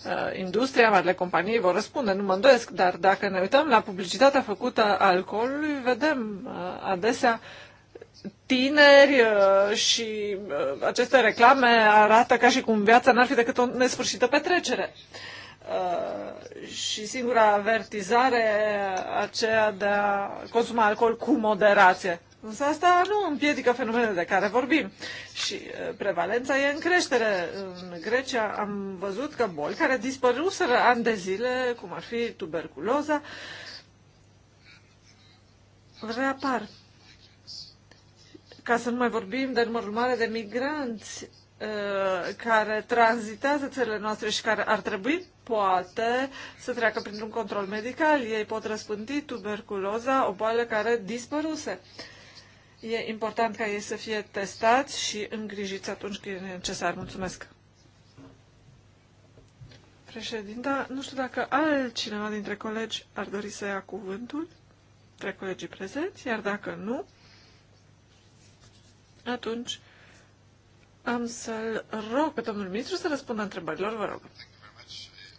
Uh, industria, marile companii vor răspunde, nu mă îndoiesc, dar dacă ne uităm la publicitatea făcută a alcoolului, vedem uh, adesea tineri și aceste reclame arată ca și cum viața n-ar fi decât o nesfârșită petrecere. Uh, și singura avertizare uh, aceea de a consuma alcool cu moderație. Însă asta nu împiedică fenomenele de care vorbim. Și uh, prevalența e în creștere. În Grecia am văzut că boli care dispăruseră ani de zile, cum ar fi tuberculoza, reapar. Ca să nu mai vorbim de numărul mare de migranți Uh, care tranzitează țările noastre și care ar trebui, poate, să treacă printr-un control medical. Ei pot răspândi tuberculoza, o boală care dispăruse. E important ca ei să fie testați și îngrijiți atunci când e necesar. Mulțumesc! Președinta, nu știu dacă altcineva dintre colegi ar dori să ia cuvântul, între colegii prezenți, iar dacă nu, atunci am să-l rog pe domnul ministru să răspundă întrebărilor, vă rog.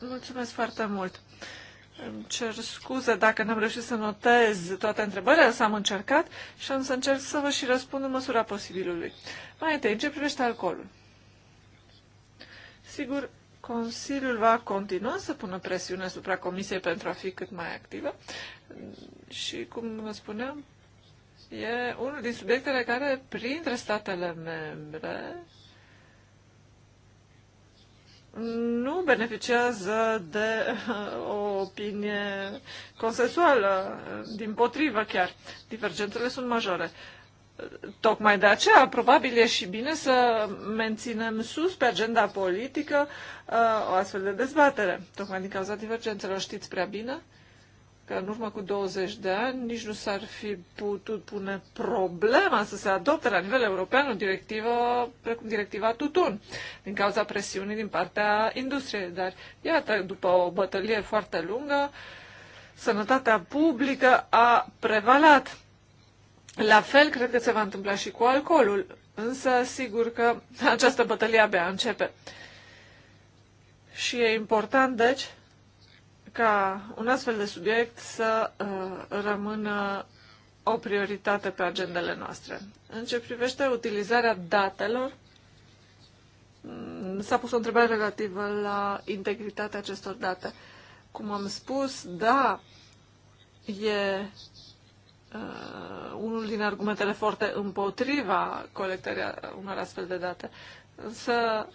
Mulțumesc foarte mult. Îmi cer scuze dacă n-am reușit să notez toate întrebările, însă am încercat și am să încerc să vă și răspund în măsura posibilului. Mai întâi, în ce privește alcoolul? Sigur, Consiliul va continua să pună presiune asupra Comisiei pentru a fi cât mai activă și, cum vă spuneam, e unul din subiectele care, printre statele membre, nu beneficiază de uh, o opinie consensuală, din potrivă chiar. Divergențele sunt majore. Tocmai de aceea, probabil e și bine să menținem sus pe agenda politică uh, o astfel de dezbatere, tocmai din cauza divergențelor. Știți prea bine că în urmă cu 20 de ani nici nu s-ar fi putut pune problema să se adopte la nivel european o directivă precum directiva tutun, din cauza presiunii din partea industriei. Dar, iată, după o bătălie foarte lungă, sănătatea publică a prevalat. La fel, cred că se va întâmpla și cu alcoolul, însă sigur că această bătălie abia începe. Și e important, deci, ca un astfel de subiect să uh, rămână o prioritate pe agendele noastre. În ce privește utilizarea datelor, mm, s-a pus o întrebare relativă la integritatea acestor date. Cum am spus, da, e uh, unul din argumentele foarte împotriva colectării unor astfel de date. Însă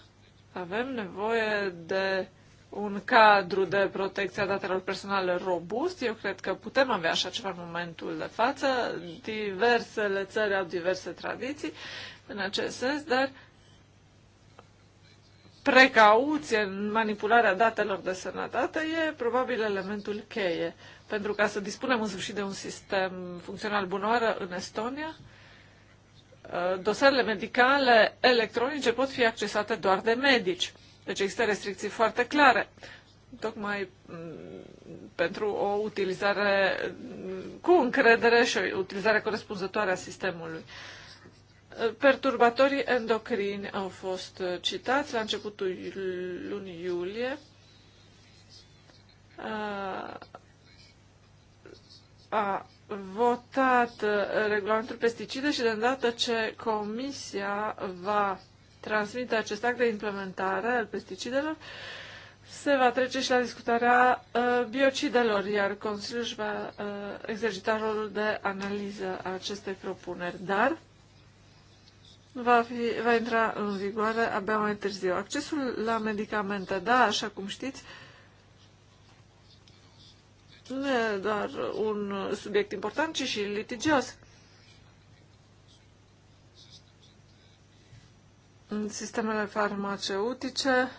avem nevoie de uh, un cadru de protecție a datelor personale robust. Eu cred că putem avea așa ceva în momentul de față. Diversele țări au diverse tradiții în acest sens, dar precauție în manipularea datelor de sănătate e probabil elementul cheie. Pentru ca să dispunem în sfârșit de un sistem funcțional bunoară în Estonia, dosarele medicale electronice pot fi accesate doar de medici. Deci există restricții foarte clare, tocmai mm, pentru o utilizare mm, cu încredere și o utilizare corespunzătoare a sistemului. Perturbatorii endocrini au fost uh, citați la începutul lunii iulie. Uh, a votat uh, regulamentul pesticide și de îndată ce Comisia va transmite acest act de implementare al pesticidelor, se va trece și la discutarea uh, biocidelor, iar Consiliul își va uh, exercita rolul de analiză a acestei propuneri, dar va, fi, va intra în vigoare abia mai târziu. Accesul la medicamente, da, așa cum știți, nu e doar un subiect important, ci și litigios. sistemele farmaceutice,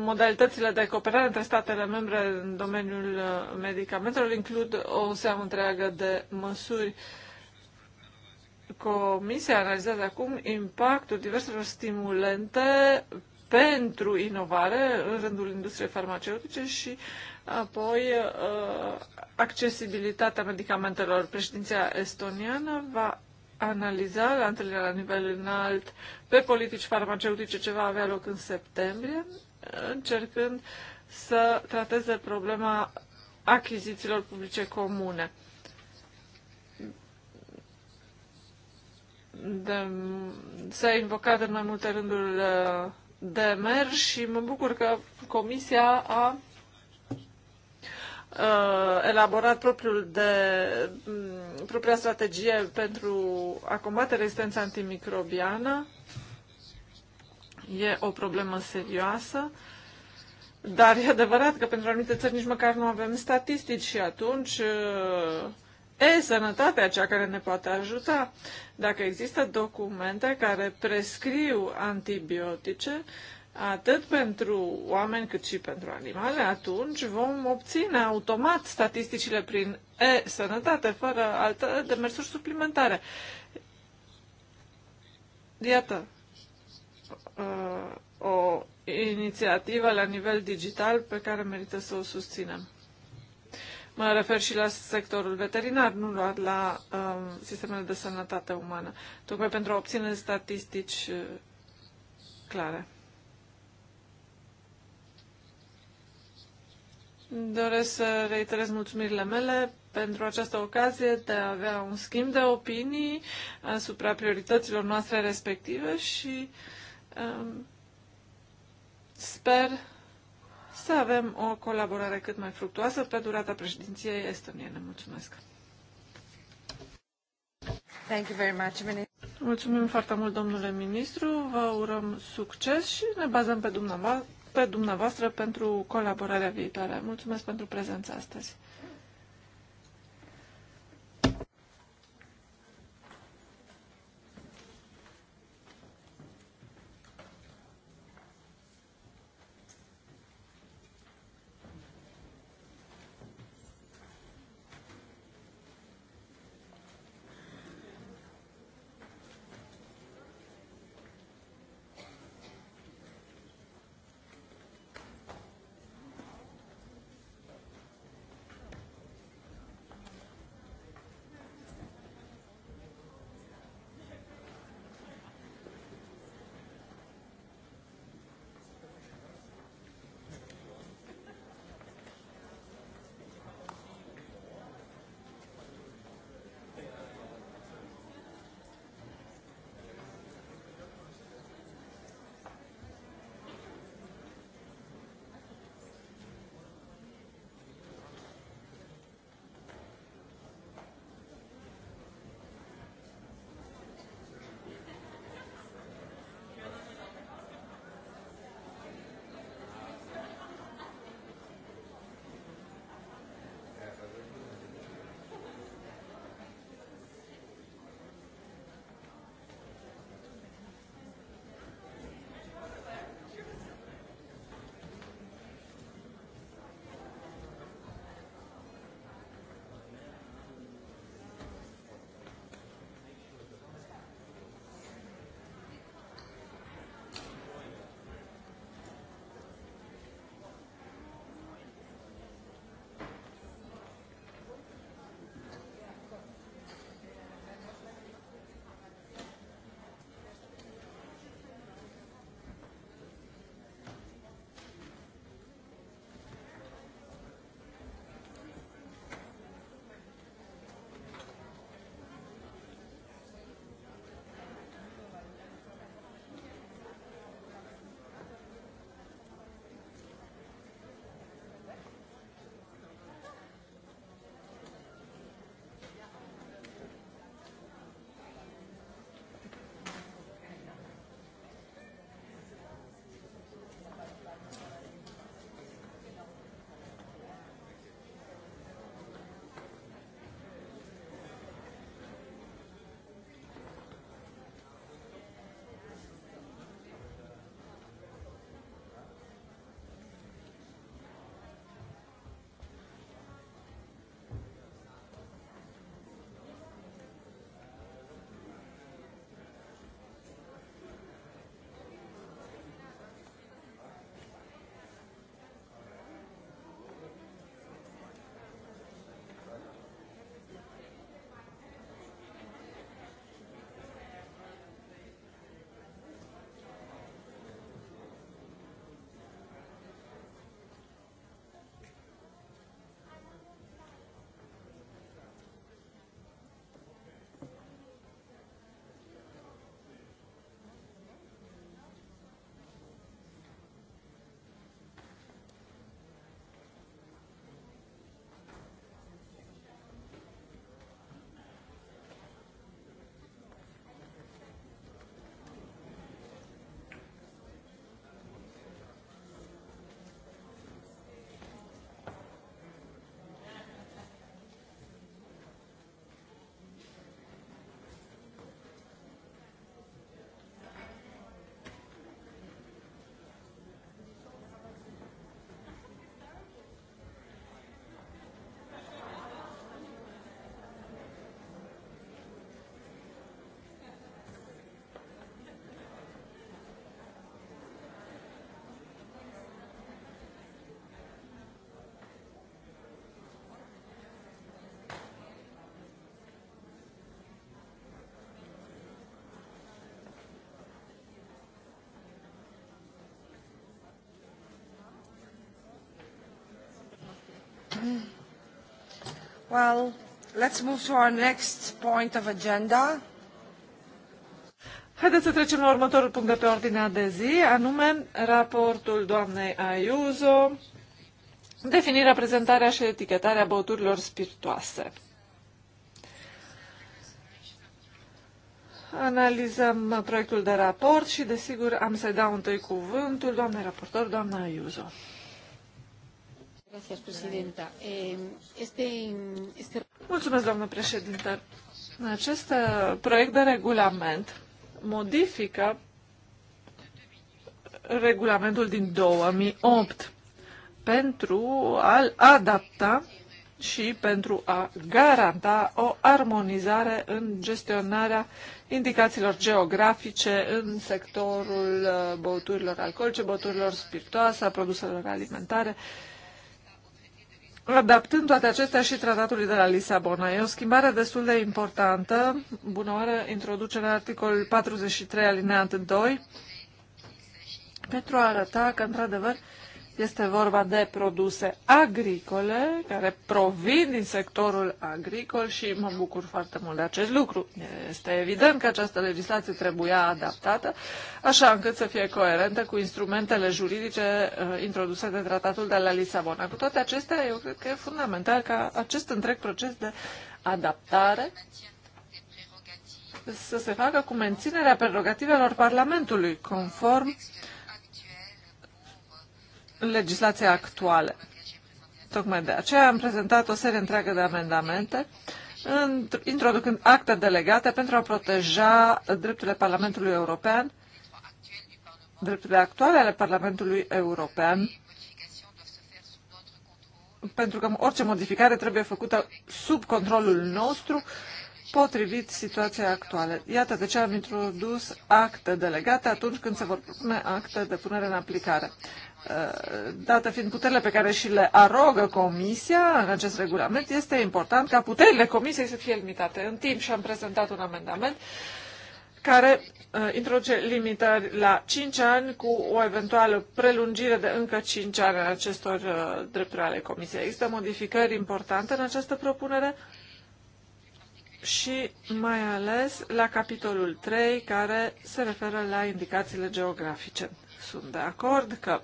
modalitățile de cooperare între statele membre în domeniul uh, medicamentelor includ o seamă întreagă de măsuri. Comisia analizează acum impactul diverselor stimulente pentru inovare în rândul industriei farmaceutice și apoi uh, accesibilitatea medicamentelor. Președinția estoniană va analiza la întâlnirea la nivel înalt pe politici farmaceutice ce va avea loc în septembrie, încercând să trateze problema achizițiilor publice comune. De, s-a invocat în mai multe rânduri uh, de mer și mă bucur că Comisia a uh, elaborat propriul de, um, propria strategie pentru a combate rezistența antimicrobiană. E o problemă serioasă, dar e adevărat că pentru anumite țări nici măcar nu avem statistici și atunci uh, E, sănătatea cea care ne poate ajuta. Dacă există documente care prescriu antibiotice, atât pentru oameni cât și pentru animale, atunci vom obține automat statisticile prin e-sănătate, fără alte demersuri suplimentare. Iată, uh, o inițiativă la nivel digital pe care merită să o susținem. Mă refer și la sectorul veterinar, nu doar la uh, sistemele de sănătate umană, tocmai pentru a obține statistici uh, clare. Doresc să reiterez mulțumirile mele pentru această ocazie de a avea un schimb de opinii asupra priorităților noastre respective și um, sper să avem o colaborare cât mai fructuoasă pe durata președinției estoniene. Mulțumesc! Thank you very much, Mulțumim foarte mult, domnule ministru, vă urăm succes și ne bazăm pe dumneavoastră pe dumneavoastră pentru colaborarea viitoare. Mulțumesc pentru prezența astăzi. Well, let's move to our next point of agenda. Haideți să trecem la următorul punct de pe ordinea de zi, anume raportul doamnei Ayuso, definirea, prezentarea și etichetarea băuturilor spiritoase. Analizăm proiectul de raport și, desigur, am să-i dau întâi cuvântul doamnei raportor, doamna Ayuso. Gracias, presidenta. Eh, este, este... Mulțumesc, doamnă președintă. Acest uh, proiect de regulament modifică regulamentul din 2008 pentru a-l adapta și pentru a garanta o armonizare în gestionarea indicațiilor geografice în sectorul uh, băuturilor alcoolice, băuturilor spiritoase, a produselor alimentare, uh, adaptând toate acestea și tratatului de la Lisabona. E o schimbare destul de importantă. Bună oară, introducerea articolului 43 alineat 2 pentru a arăta că, într-adevăr, este vorba de produse agricole care provin din sectorul agricol și mă bucur foarte mult de acest lucru. Este evident că această legislație trebuia adaptată așa încât să fie coerentă cu instrumentele juridice uh, introduse de tratatul de la Lisabona. Cu toate acestea, eu cred că e fundamental ca acest întreg proces de adaptare să se facă cu menținerea prerogativelor Parlamentului, conform uh, legislația actuală. Tocmai de aceea am prezentat o serie întreagă de amendamente introducând acte delegate pentru a proteja drepturile Parlamentului European, drepturile actuale ale Parlamentului European, pentru că orice modificare trebuie făcută sub controlul nostru, potrivit situației actuale. Iată de ce am introdus acte delegate atunci când se vor pune acte de punere în aplicare dată fiind puterile pe care și le arogă Comisia în acest regulament, este important ca puterile Comisiei să fie limitate în timp și am prezentat un amendament care uh, introduce limitări la 5 ani cu o eventuală prelungire de încă 5 ani în acestor uh, drepturi ale Comisiei. Există modificări importante în această propunere și mai ales la capitolul 3 care se referă la indicațiile geografice. Sunt de acord că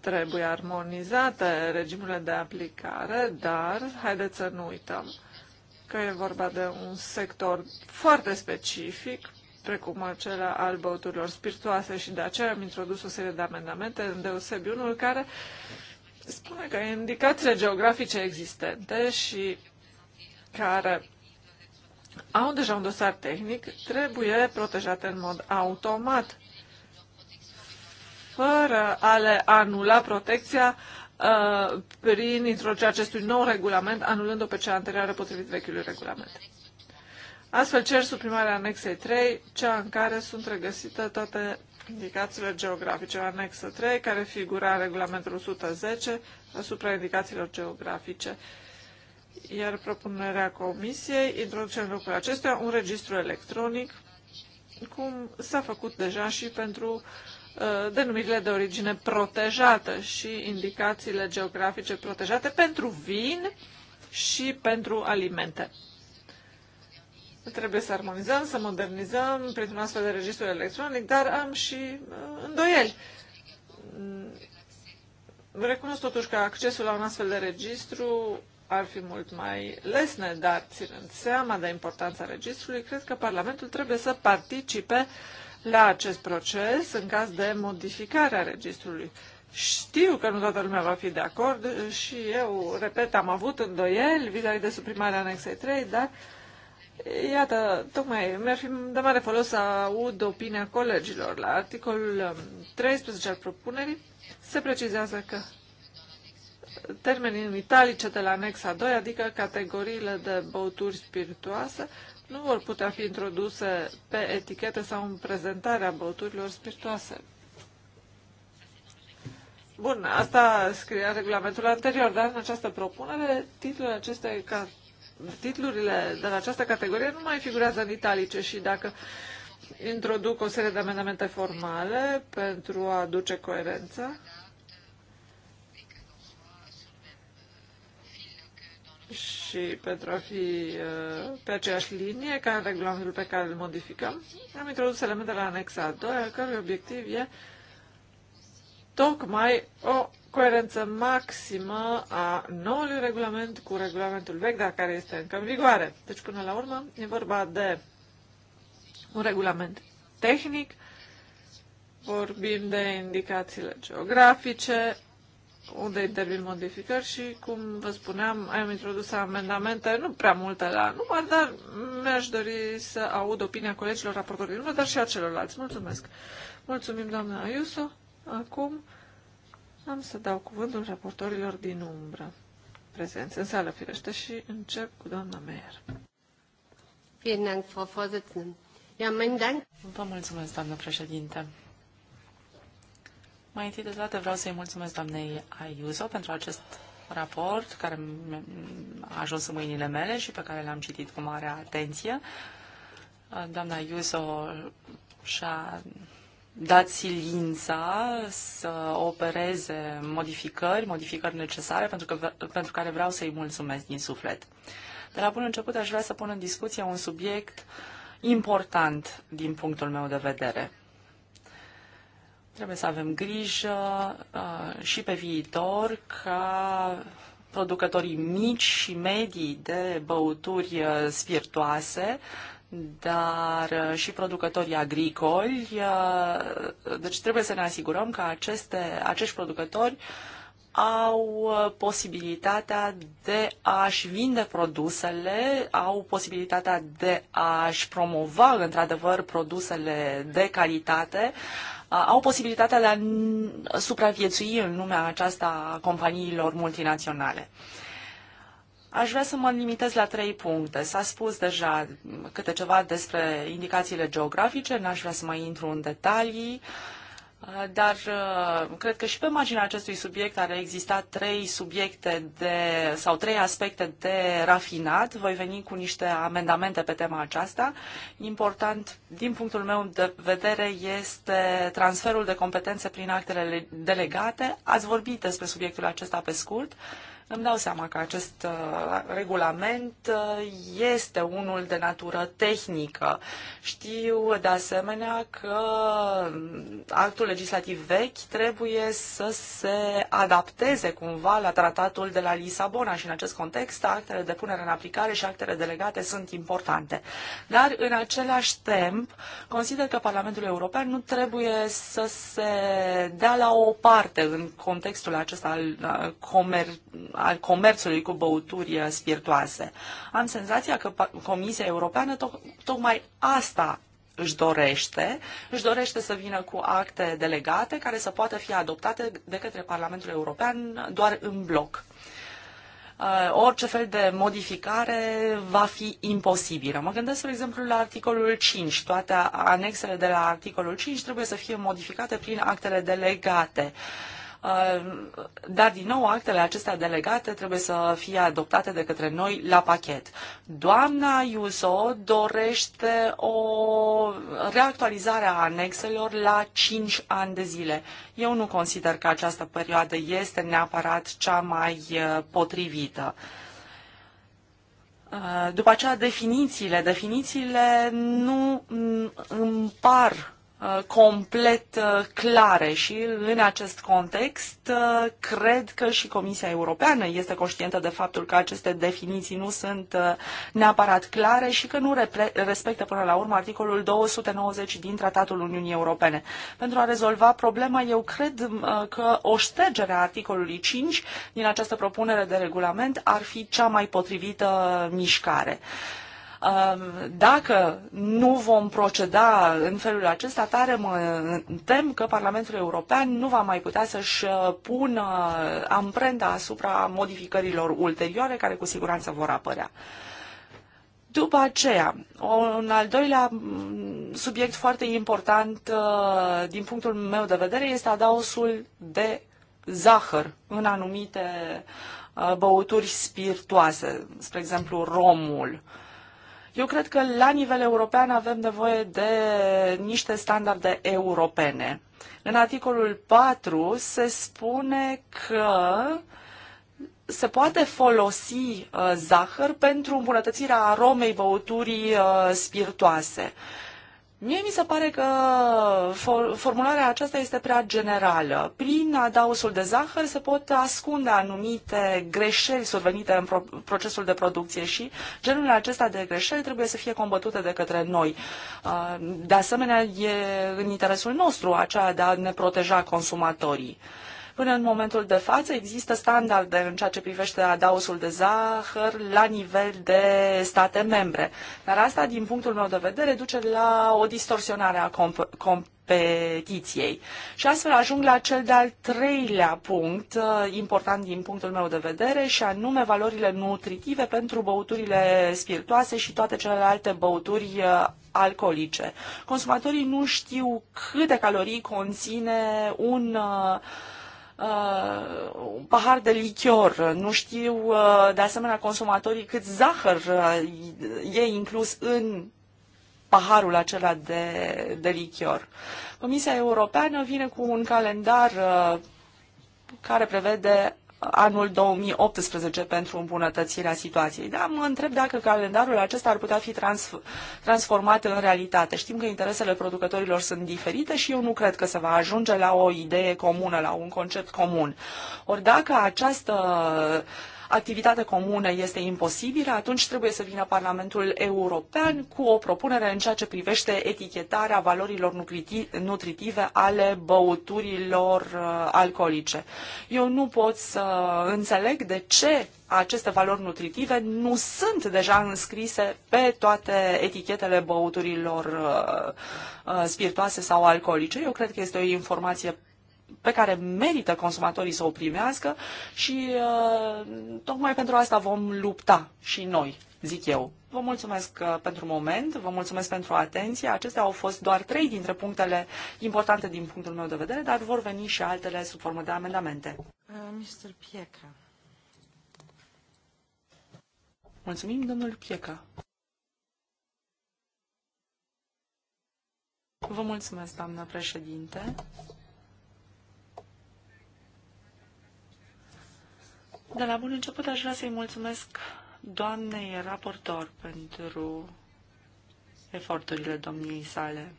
Trebuie armonizate regimurile de aplicare, dar haideți să nu uităm că e vorba de un sector foarte specific, precum acela al băuturilor spiritoase și de aceea am introdus o serie de amendamente, deosebi unul care spune că indicațiile geografice existente și care au deja un dosar tehnic trebuie protejate în mod automat fără a le anula protecția uh, prin introducerea acestui nou regulament, anulând-o pe cea anterioară potrivit vechiului regulament. Astfel cer suprimarea anexei 3, cea în care sunt regăsite toate indicațiile geografice. anexa 3, care figura în regulamentul 110 asupra indicațiilor geografice. Iar propunerea comisiei introduce în locul acestuia un registru electronic, cum s-a făcut deja și pentru uh, Uh, denumirile de origine protejată și indicațiile geografice protejate pentru vin și pentru alimente. Trebuie să armonizăm, să modernizăm printr-un astfel de registru electronic, dar am și uh, îndoieli. Mm, recunosc totuși că accesul la un astfel de registru ar fi mult mai lesne, dar ținând seama de importanța registrului, cred că Parlamentul trebuie să participe uh, la acest proces în caz de modificare a registrului. Știu că nu toată lumea va fi de acord și eu, repet, am avut îndoieli vis-a-vis de suprimarea anexei 3, dar iată, tocmai mi-ar fi de mare folos să aud opinia colegilor. La articolul 13 um, al propunerii se precizează că termenii în italice de la anexa 2, adică categoriile de băuturi spiritoase, nu vor putea fi introduse pe etichete sau în prezentarea băuturilor spiritoase. Bun, asta scria regulamentul anterior, dar în această propunere titlurile, aceste, ca, titlurile de la această categorie nu mai figurează în italice și dacă introduc o serie de amendamente formale pentru a aduce coerență, și pentru a fi uh, pe aceeași linie ca în regulamentul pe care îl modificăm, am introdus elementele la anexa 2, al cărui obiectiv e tocmai o coerență maximă a noului regulament cu regulamentul vechi, dar care este încă în vigoare. Deci, până la urmă, e vorba de un regulament tehnic, vorbim de indicațiile geografice, unde intervin modificări și, cum vă spuneam, am introdus amendamente, nu prea multe la număr, dar mi-aș dori să aud opinia colegilor raportorilor, dar și a celorlalți. Mulțumesc! Mulțumim, doamna Ayuso. Acum am să dau cuvântul raportorilor din umbră, prezenți în sală, firește, și încep cu doamna Meier. Vă mulțumesc, doamnă președinte. Mai întâi de toate vreau să-i mulțumesc doamnei Ayuso pentru acest raport care a ajuns în mâinile mele și pe care l-am citit cu mare atenție. Doamna Ayuso și-a dat silința să opereze modificări, modificări necesare, pentru, că, pentru care vreau să-i mulțumesc din suflet. De la bun început aș vrea să pun în discuție un subiect important din punctul meu de vedere. Trebuie să avem grijă uh, și pe viitor ca producătorii mici și medii de băuturi uh, spiritoase dar uh, și producătorii agricoli. Deci trebuie să ne asigurăm că aceste, acești producători au posibilitatea de a-și vinde produsele, au posibilitatea de a-și promova într-adevăr produsele de calitate, Uh, au posibilitatea de a supraviețui în lumea aceasta a companiilor multinaționale. Aș vrea să mă limitez la trei puncte. S-a spus deja câte ceva despre indicațiile geografice, n-aș vrea să mai intru în detalii. Uh, dar uh, cred că și pe marginea acestui subiect ar exista trei subiecte de, sau trei aspecte de rafinat. Voi veni cu niște amendamente pe tema aceasta. Important, din punctul meu de vedere, este transferul de competențe prin actele delegate. Ați vorbit despre subiectul acesta pe scurt. Uh, îmi dau seama că acest uh, regulament uh, este unul de natură tehnică. Știu de asemenea că uh, actul legislativ vechi trebuie să se adapteze cumva la tratatul de la Lisabona și în acest context actele de punere în aplicare și actele delegate sunt importante. Dar în același timp consider că Parlamentul European nu trebuie să se dea la o parte în contextul acesta al comerțului al comerțului cu băuturi uh, spiritoase. Am senzația că Comisia Europeană to- tocmai asta își dorește, își dorește să vină cu acte delegate care să poată fi adoptate de către Parlamentul European doar în bloc. Uh, orice fel de modificare va fi imposibilă. Mă gândesc, de exemplu, la articolul 5. Toate anexele de la articolul 5 trebuie să fie modificate prin actele delegate. Uh, Uh, dar, din nou, actele acestea delegate trebuie să fie adoptate de către noi la pachet. Doamna Iuso dorește o reactualizare a anexelor la 5 ani de zile. Eu nu consider că această perioadă este neapărat cea mai uh, potrivită. Uh, după aceea, definițiile. Definițiile nu mm, împar Uh, complet uh, clare și în acest context uh, cred că și Comisia Europeană este conștientă de faptul că aceste definiții nu sunt neapărat clare și că nu respectă până la urmă articolul 290 din Tratatul Uniunii Europene. Pentru a rezolva problema, eu cred că o ștergere a articolului 5 din această propunere de regulament ar fi cea mai potrivită mișcare. Um, dacă nu vom proceda în felul acesta, tare mă tem că Parlamentul European nu va mai putea să-și uh, pună amprenta asupra modificărilor ulterioare care cu siguranță vor apărea. După aceea, un al doilea mm, subiect foarte important uh, din punctul meu de vedere este adaosul de zahăr în anumite uh, băuturi spiritoase, spre exemplu romul. Uh, eu cred că la nivel european avem nevoie de niște standarde europene. În articolul 4 se spune că se poate folosi uh, zahăr pentru îmbunătățirea aromei băuturii uh, spiritoase. Mie mi se pare că for, formularea aceasta este prea generală. Prin adausul de zahăr se pot ascunde anumite greșeli survenite în pro, procesul de producție și genul acesta de greșeli trebuie să fie combătute de către noi. Uh, de asemenea, e în interesul nostru aceea de a ne proteja consumatorii. Până în momentul de față există standarde în ceea ce privește adausul de zahăr la nivel de state membre. Dar asta, din punctul meu de vedere, duce la o distorsionare a comp- comp- competiției. Și astfel ajung la cel de-al treilea punct uh, important din punctul meu de vedere și anume valorile nutritive pentru băuturile spiritoase și toate celelalte băuturi uh, alcoolice. Consumatorii nu știu câte calorii conține un uh, Uh, un pahar de lichior. Nu știu, uh, de asemenea, consumatorii cât zahăr uh, e inclus în paharul acela de, de lichior. Comisia Europeană vine cu un calendar care prevede anul 2018 pentru îmbunătățirea situației. Dar mă întreb dacă calendarul acesta ar putea fi transformat în realitate. Știm că interesele producătorilor sunt diferite și eu nu cred că se va ajunge la o idee comună, la un concept comun. Ori dacă această uh, activitate comună este imposibilă, atunci trebuie să vină Parlamentul European cu o propunere în ceea ce privește etichetarea valorilor nutritive ale băuturilor uh, alcoolice. Eu nu pot să înțeleg de ce aceste valori nutritive nu sunt deja înscrise pe toate etichetele băuturilor uh, uh, spiritoase sau alcoolice. Eu cred că este o informație pe care merită consumatorii să o primească și uh, tocmai pentru asta vom lupta și noi, zic eu. Vă mulțumesc uh, pentru moment, vă mulțumesc pentru atenție. Acestea au fost doar trei dintre punctele importante din punctul meu de vedere, dar vor veni și altele sub formă de amendamente. Uh, Mr. Pieca. Mulțumim, domnul Pieca. Vă mulțumesc, doamnă președinte. De la bun început aș vrea să-i mulțumesc doamnei raportor pentru eforturile domniei sale.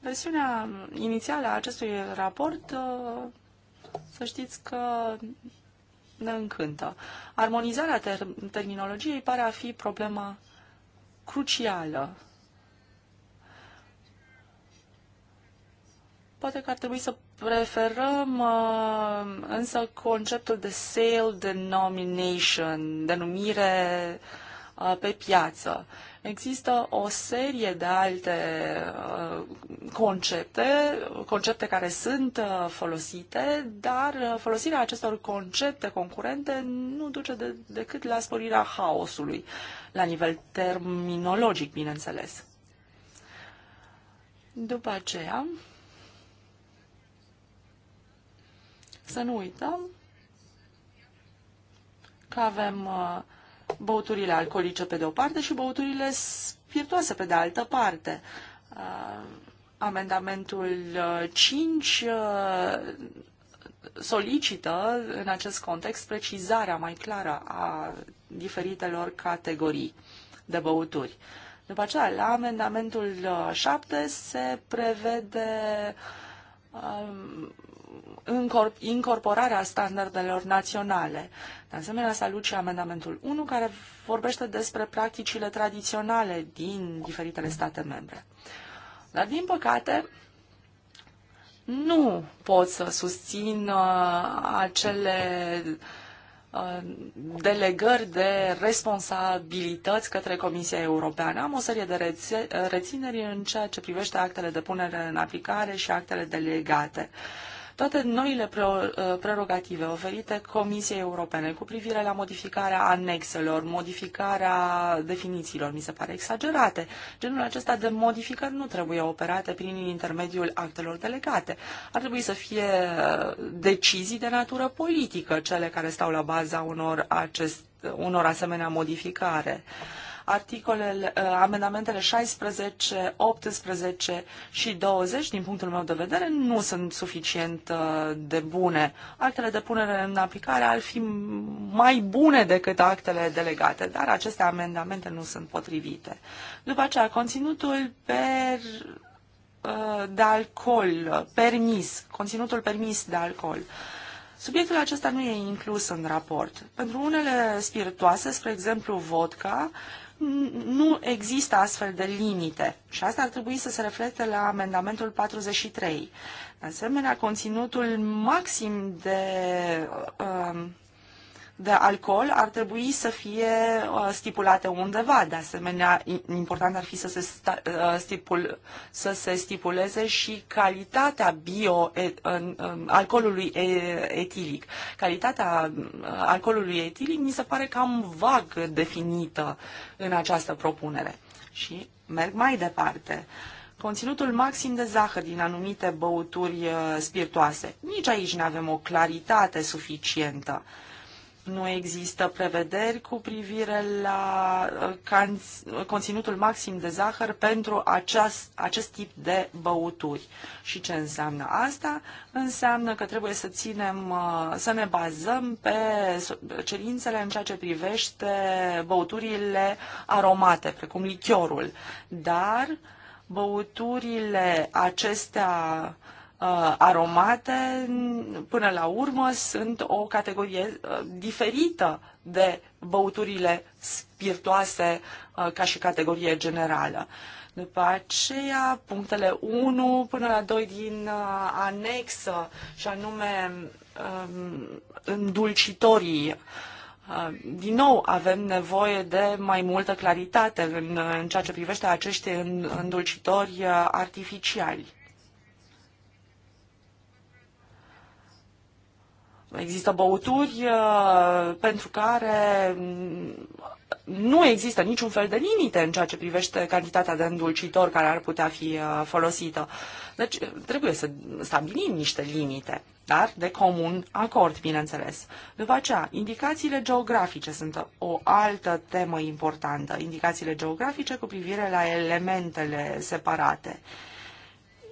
Versiunea inițială a acestui raport, uh, să știți că ne încântă. Armonizarea ter- terminologiei pare a fi problema crucială Poate că ar trebui să preferăm uh, însă conceptul de sale denomination, denumire uh, pe piață. Există o serie de alte uh, concepte, concepte care sunt uh, folosite, dar uh, folosirea acestor concepte concurente nu duce de, decât la sporirea haosului, la nivel terminologic, bineînțeles. După aceea, Să nu uităm că avem uh, băuturile alcoolice pe de o parte și băuturile spiritoase pe de altă parte. Uh, amendamentul 5 uh, solicită în acest context precizarea mai clară a diferitelor categorii de băuturi. După aceea, la amendamentul 7 se prevede um, incorporarea standardelor naționale. De asemenea, salut și amendamentul 1, care vorbește despre practicile tradiționale din diferitele state membre. Dar, din păcate, nu pot să susțin uh, acele uh, delegări de responsabilități către Comisia Europeană. Am o serie de rețe- rețineri în ceea ce privește actele de punere în aplicare și actele delegate. Uh, toate noile uh, prerogative oferite Comisiei Europene cu privire la modificarea anexelor, modificarea definițiilor, mi se pare exagerate. Genul acesta de modificări nu trebuie operate prin intermediul actelor delegate. Ar trebui să fie uh, decizii de natură politică cele care stau la baza unor, acest, unor asemenea modificare articolele, uh, amendamentele 16, 18 și 20, din punctul meu de vedere, nu sunt suficient uh, de bune. Actele de punere în aplicare ar fi mai bune decât actele delegate, dar aceste amendamente nu sunt potrivite. După aceea, conținutul per uh, de alcool permis, conținutul permis de alcool. Subiectul acesta nu e inclus în raport. Pentru unele spiritoase, spre exemplu vodka, nu există astfel de limite și asta ar trebui să se reflecte la amendamentul 43. De asemenea, conținutul maxim de uh, um, de alcool ar trebui să fie uh, stipulate undeva. De asemenea, important ar fi să se, uh, stipul, să se stipuleze și calitatea bio alcoolului etilic. Calitatea uh, alcoolului etilic mi se pare cam vag definită în această propunere. Și merg mai departe conținutul maxim de zahăr din anumite băuturi spiritoase. Nici aici nu avem o claritate suficientă. Nu există prevederi cu privire la uh, conținutul maxim de zahăr pentru acest acest tip de băuturi. Și ce înseamnă asta? Înseamnă că trebuie să ținem, uh, să ne bazăm pe cerințele în ceea ce privește băuturile aromate, precum lichiorul. Dar băuturile acestea Uh, aromate, până la urmă, sunt o categorie uh, diferită de băuturile spiritoase uh, ca și categorie generală. După aceea, punctele 1 până la 2 din anexă, și anume um, îndulcitorii. Din nou, avem nevoie de mai multă claritate în, în ceea ce privește acești îndulcitori artificiali. Există băuturi uh, pentru care mm, nu există niciun fel de limite în ceea ce privește cantitatea de îndulcitor care ar putea fi uh, folosită. Deci uh, trebuie să stabilim niște limite, dar de comun acord, bineînțeles. După aceea, indicațiile geografice sunt o altă temă importantă. Indicațiile geografice cu privire la elementele separate. Uh,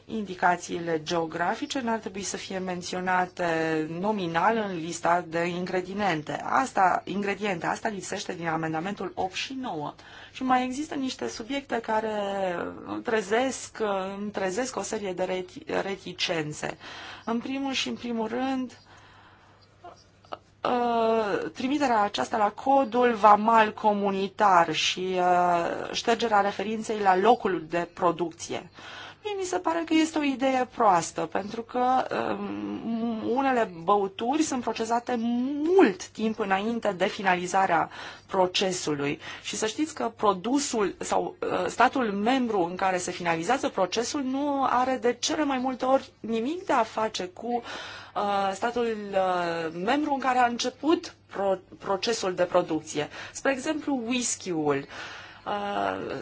indicațiile geografice n-ar trebui să fie menționate nominal în lista de ingrediente. Asta, ingrediente. Asta lipsește din amendamentul 8 și 9. Și mai există niște subiecte care trezesc, trezesc o serie de reticențe. În primul și în primul rând, ă, trimiterea aceasta la codul vamal comunitar și ă, ștergerea referinței la locul de producție. Mie mi se pare că este o idee proastă, pentru că um, unele băuturi sunt procesate mult timp înainte de finalizarea procesului. Și să știți că produsul sau uh, statul membru în care se finalizează procesul nu are de cele mai multe ori nimic de a face cu uh, statul uh, membru în care a început pro- procesul de producție. Spre exemplu, whisky-ul. Uh,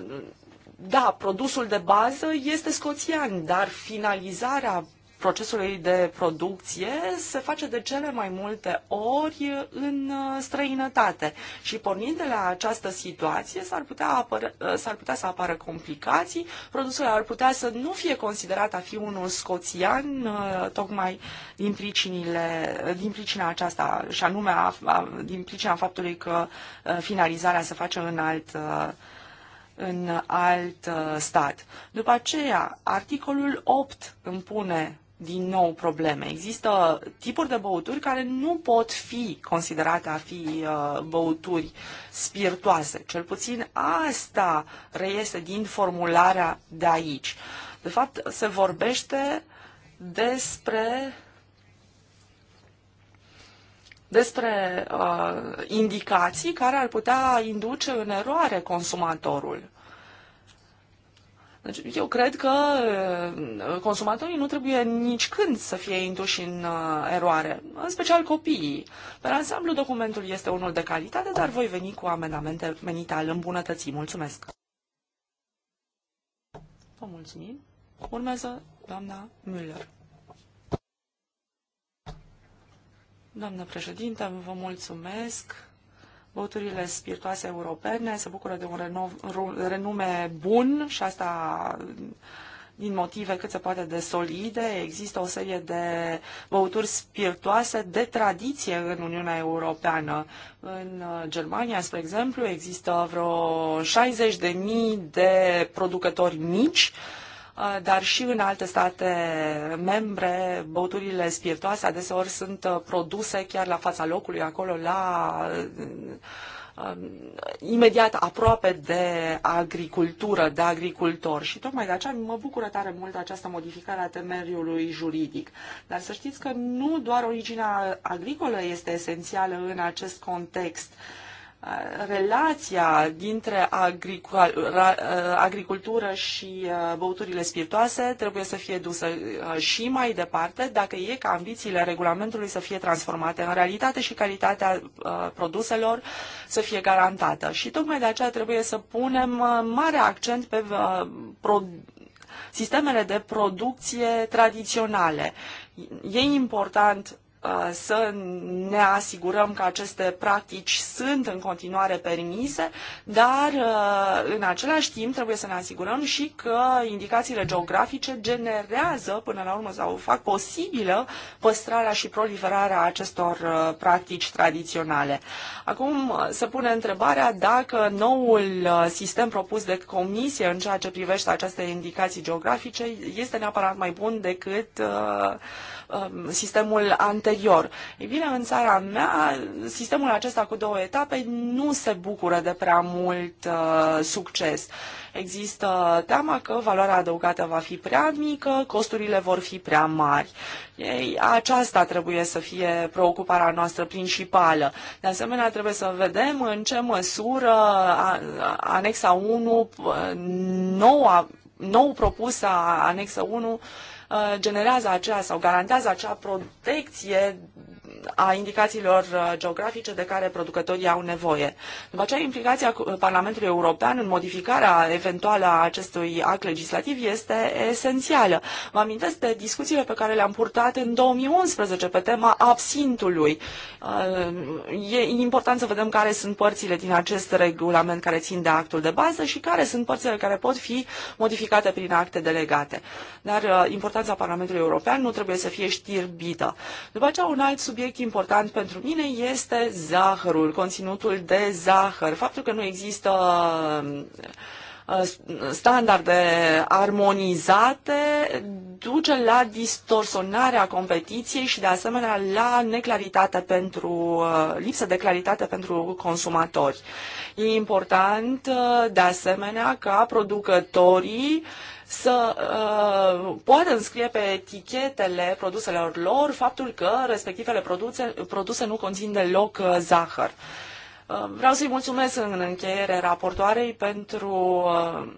da, produsul de bază este scoțian, dar finalizarea procesului de producție se face de cele mai multe ori în uh, străinătate. Și pornind de la această situație, s-ar putea, uh, s-ar putea să apară complicații, produsul ar putea să nu fie considerat a fi unul scoțian, uh, tocmai din, pricinile, din pricina aceasta, și anume din pricina faptului că finalizarea se face în alt în alt uh, stat. După aceea, articolul 8 îmi pune din nou probleme. Există tipuri de băuturi care nu pot fi considerate a fi uh, băuturi spiritoase. Cel puțin asta reiese din formularea de aici. De fapt, se vorbește despre uh, despre uh, indicații care ar putea induce în eroare consumatorul. Deci, eu cred că uh, consumatorii nu trebuie nici când să fie induși în uh, eroare, în special copiii. Pe ansamblu, documentul este unul de calitate, dar voi veni cu amendamente menite al îmbunătății. Mulțumesc! Vă mulțumim! Urmează doamna Müller. Doamnă președintă, vă mulțumesc. Băuturile spiritoase europene se bucură de un renume bun și asta din motive cât se poate de solide. Există o serie de băuturi spiritoase de tradiție în Uniunea Europeană. În uh, Germania, spre exemplu, există vreo 60.000 de producători mici Uh, dar și în alte state membre, băuturile spiritoase adeseori sunt uh, produse chiar la fața locului, acolo la uh, um, imediat aproape de agricultură, de agricultor și tocmai de aceea mă bucură tare mult această modificare a temeriului juridic. Dar să știți că nu doar originea agricolă este esențială în acest context. Uh, relația dintre agricultură și uh, băuturile spiritoase trebuie să fie dusă uh, și mai departe dacă e ca ambițiile regulamentului să fie transformate în realitate și calitatea uh, produselor să fie garantată. Și tocmai de aceea trebuie să punem mare accent pe sistemele de producție tradiționale. E important Uh, să ne asigurăm că aceste practici sunt în continuare permise, dar uh, în același timp trebuie să ne asigurăm și că indicațiile geografice generează până la urmă sau fac posibilă păstrarea și proliferarea acestor uh, practici tradiționale. Acum se pune întrebarea dacă noul sistem propus de comisie în ceea ce privește aceste indicații geografice este neapărat mai bun decât uh, Um, sistemul anterior. Ei bine, în țara mea, sistemul acesta cu două etape nu se bucură de prea mult uh, succes. Există teama că valoarea adăugată va fi prea mică, costurile vor fi prea mari. Ei, aceasta trebuie să fie preocuparea noastră principală. De asemenea, trebuie să vedem în ce măsură anexa 1, uh, noua nou propusă anexă 1 uh, generează acea sau garantează acea protecție a indicațiilor uh, geografice de care producătorii au nevoie. După aceea, implicația uh, Parlamentului European în modificarea eventuală a acestui act legislativ este esențială. Vă amintesc de discuțiile pe care le-am purtat în 2011 pe tema absintului. Uh, e important să vedem care sunt părțile din acest regulament care țin de actul de bază și care sunt părțile care pot fi modificate prin acte delegate. Dar importanța Parlamentului European nu trebuie să fie știrbită. După aceea, un alt subiect subiect important pentru mine este zahărul, conținutul de zahăr. Faptul că nu există uh, standarde armonizate duce la distorsionarea competiției și de asemenea la neclaritate pentru, uh, lipsă de claritate pentru consumatori. E important uh, de asemenea ca producătorii uh, să uh, poată înscrie pe etichetele produselor lor faptul că respectivele produse, produse nu conțin deloc uh, zahăr. Uh, Uh, vreau să-i mulțumesc în încheiere raportoarei pentru uh,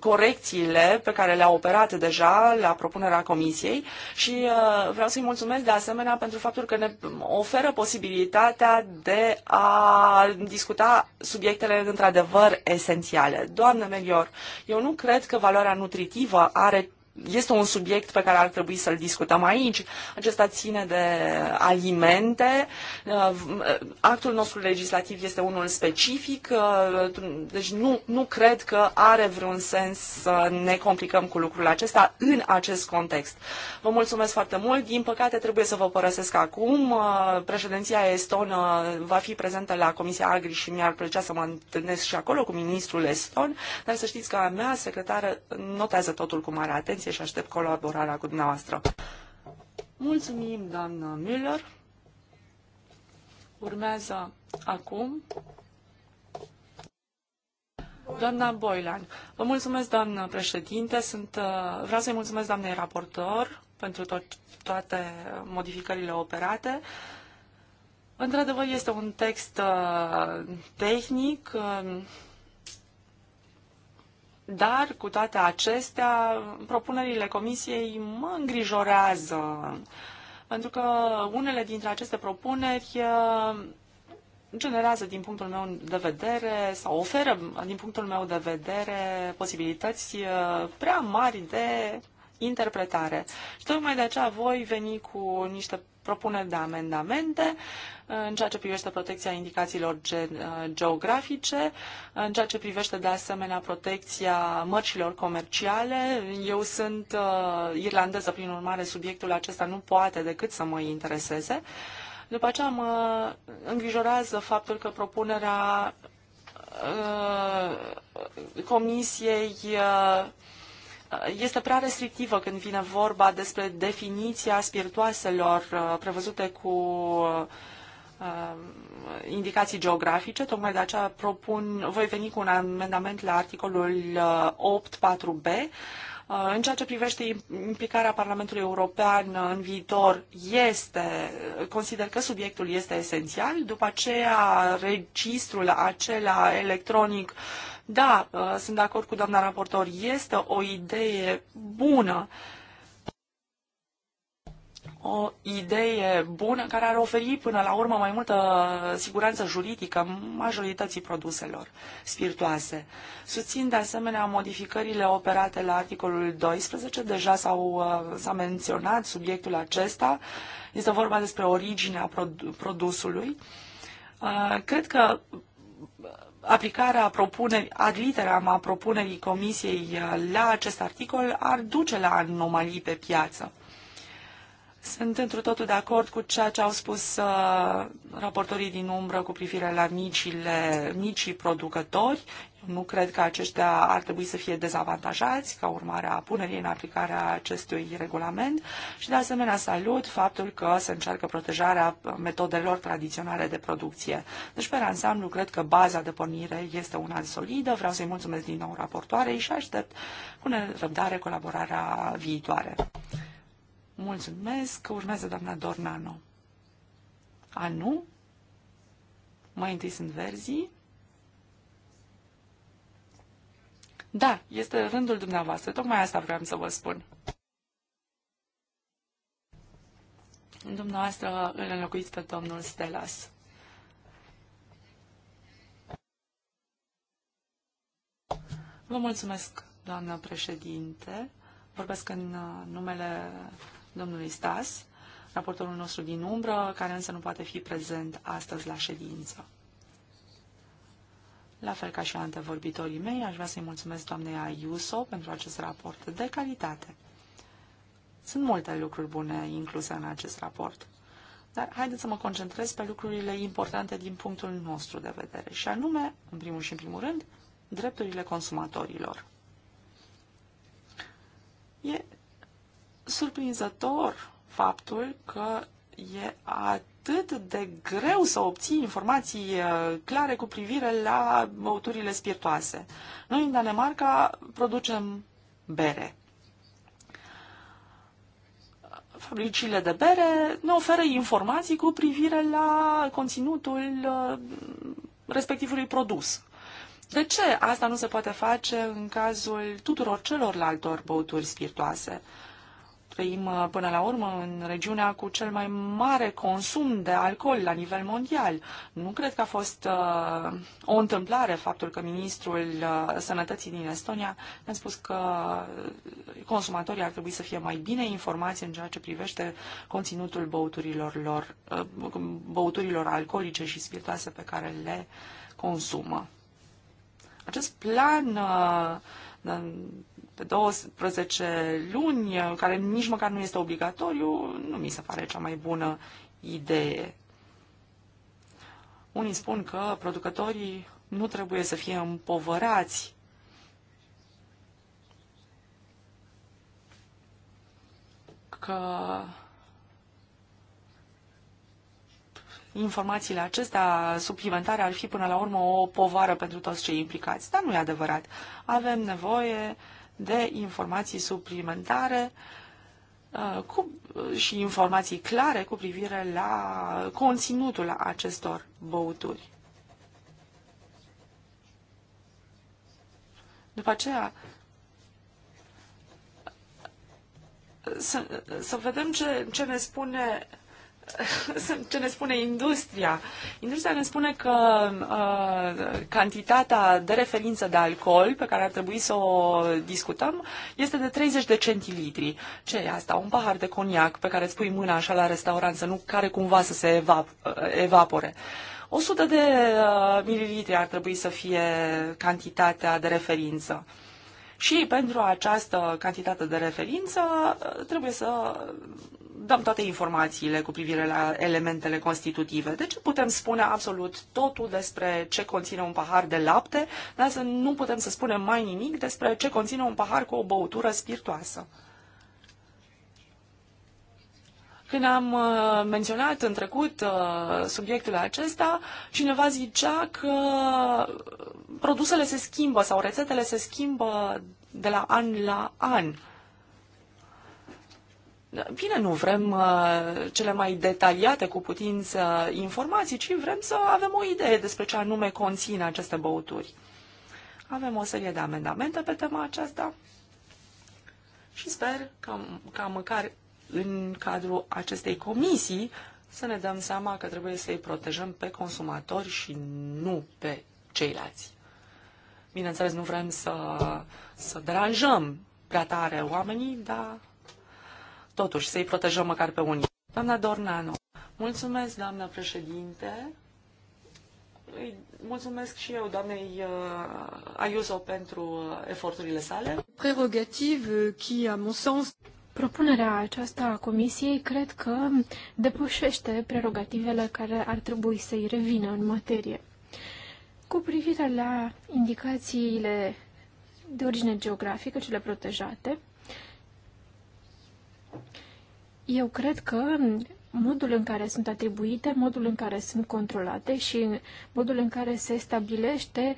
corecțiile pe care le-a operat deja la propunerea comisiei și uh, vreau să-i mulțumesc de asemenea pentru faptul că ne oferă posibilitatea de a discuta subiectele într-adevăr esențiale. Doamnă Melior, eu nu cred că valoarea nutritivă are este un subiect pe care ar trebui să-l discutăm aici. Acesta ține de alimente. Uh, actul nostru legislativ este unul specific, uh, deci nu, nu cred că are vreun sens să ne complicăm cu lucrul acesta în acest context. Vă mulțumesc foarte mult. Din păcate trebuie să vă părăsesc acum. Uh, președinția estonă va fi prezentă la Comisia Agri și mi-ar plăcea să mă întâlnesc și acolo cu ministrul eston, dar să știți că a mea secretară notează totul cu mare atenție Comisie și aștept colaborarea cu dumneavoastră. Mulțumim, doamnă Müller. Urmează acum Doamna Boylan, vă mulțumesc, doamnă președinte. Sunt, uh, vreau să-i mulțumesc doamnei raportor pentru tot, toate modificările operate. Într-adevăr, este un text uh, tehnic uh, dar, cu toate acestea, propunerile Comisiei mă îngrijorează, pentru că unele dintre aceste propuneri uh, generează, din punctul meu de vedere, sau oferă, din punctul meu de vedere, posibilități uh, prea mari de interpretare. Și tocmai de aceea voi veni cu niște propuneri de amendamente uh, în ceea ce privește protecția indicațiilor ge uh, geografice, uh, în ceea ce privește de asemenea protecția mărcilor comerciale. Eu sunt uh, irlandeză, prin urmare subiectul acesta nu poate decât să mă intereseze. După aceea mă îngrijorează faptul că propunerea uh, Comisiei uh, este prea restrictivă când vine vorba despre definiția spiritoaselor uh, prevăzute cu uh, indicații geografice. Tocmai de aceea propun, voi veni cu un amendament la articolul 8.4b, uh, Uh, în ceea ce privește implicarea Parlamentului European în viitor, este, consider că subiectul este esențial. După aceea, registrul acela electronic, da, uh, sunt de acord cu doamna raportor, este o idee bună o idee bună care ar oferi până la urmă mai multă siguranță juridică majorității produselor spiritoase. Susțin de asemenea modificările operate la articolul 12, deja s-au, uh, s-a menționat subiectul acesta, este vorba despre originea produsului. Uh, cred că aplicarea propunerii, ad literam a propunerii Comisiei uh, la acest articol ar duce la anomalii pe piață. Sunt într totul de acord cu ceea ce au spus uh, raportorii din umbră cu privire la micile, micii producători. Eu nu cred că aceștia ar trebui să fie dezavantajați ca urmare a punerii în aplicare a acestui regulament și de asemenea salut faptul că se încearcă protejarea metodelor tradiționale de producție. Deci, pe ansamblu, cred că baza de pornire este una solidă. Vreau să-i mulțumesc din nou raportoarei și aștept cu nerăbdare colaborarea viitoare. Mulțumesc. Urmează doamna Dornano. A, nu? Mai întâi sunt verzii. Da, este rândul dumneavoastră. Tocmai asta vreau să vă spun. Dumneavoastră îl înlocuiți pe domnul Stelas. Vă mulțumesc, doamnă președinte. Vorbesc în uh, numele domnului Stas, raportorul nostru din umbră, care însă nu poate fi prezent astăzi la ședință. La fel ca și antevorbitorii mei, aș vrea să-i mulțumesc doamnei Ayuso pentru acest raport de calitate. Sunt multe lucruri bune incluse în acest raport, dar haideți să mă concentrez pe lucrurile importante din punctul nostru de vedere, și anume, în primul și în primul rând, drepturile consumatorilor. E surprinzător faptul că e atât de greu să obții informații uh, clare cu privire la băuturile spiritoase. Noi în Danemarca producem bere. Fabricile de bere ne oferă informații cu privire la conținutul uh, respectivului produs. De ce asta nu se poate face în cazul tuturor celorlalte băuturi spiritoase? Uh, trăim uh, până la urmă în regiunea cu cel mai mare consum de alcool la nivel mondial. Nu cred că a fost uh, o întâmplare faptul că ministrul uh, sănătății din Estonia ne-a spus că consumatorii ar trebui să fie mai bine informați în ceea ce privește conținutul băuturilor, lor, băuturilor alcoolice și spiritoase pe care le consumă. Acest plan pe 12 luni, care nici măcar nu este obligatoriu, nu mi se pare cea mai bună idee. Unii spun că producătorii nu trebuie să fie împovărați că informațiile acestea suplimentare ar fi până la urmă o povară pentru toți cei implicați. Dar nu e adevărat. Avem nevoie uh, de informații suplimentare uh, cu, uh, și informații clare cu privire la conținutul acestor băuturi. După aceea, să, să vedem ce, ce ne spune ce ne spune industria. Industria ne spune că uh, cantitatea de referință de alcool pe care ar trebui să o discutăm este de 30 de centilitri. Ce e asta? Un pahar de coniac pe care îți pui mâna așa la restaurant să nu care cumva să se evap- uh, evapore. 100 de uh, mililitri ar trebui să fie cantitatea de referință. Și pentru această cantitate de referință uh, trebuie să dăm toate informațiile cu privire la elementele constitutive. De deci ce putem spune absolut totul despre ce conține un pahar de lapte, dar să nu putem să spunem mai nimic despre ce conține un pahar cu o băutură spiritoasă. Când am uh, menționat în trecut uh, subiectul acesta, cineva zicea că produsele se schimbă sau rețetele se schimbă de la an la an. Bine, nu vrem uh, cele mai detaliate cu putință informații, ci vrem să avem o idee despre ce anume conține aceste băuturi. Avem o serie de amendamente pe tema aceasta și sper ca, ca măcar în cadrul acestei comisii să ne dăm seama că trebuie să îi protejăm pe consumatori și nu pe ceilalți. Bineînțeles, nu vrem să, să deranjăm prea tare oamenii, dar totuși să-i protejăm măcar pe unii. Doamna Dornano, mulțumesc, doamna președinte. Îi mulțumesc și eu, doamnei uh, Ayuso, pentru uh, eforturile sale. Prerogativ, uh, qui, a mon sens... Propunerea aceasta a Comisiei cred că depășește prerogativele care ar trebui să-i revină în materie. Cu privire la indicațiile de origine geografică, cele protejate, eu cred că modul în care sunt atribuite, modul în care sunt controlate și modul în care se stabilește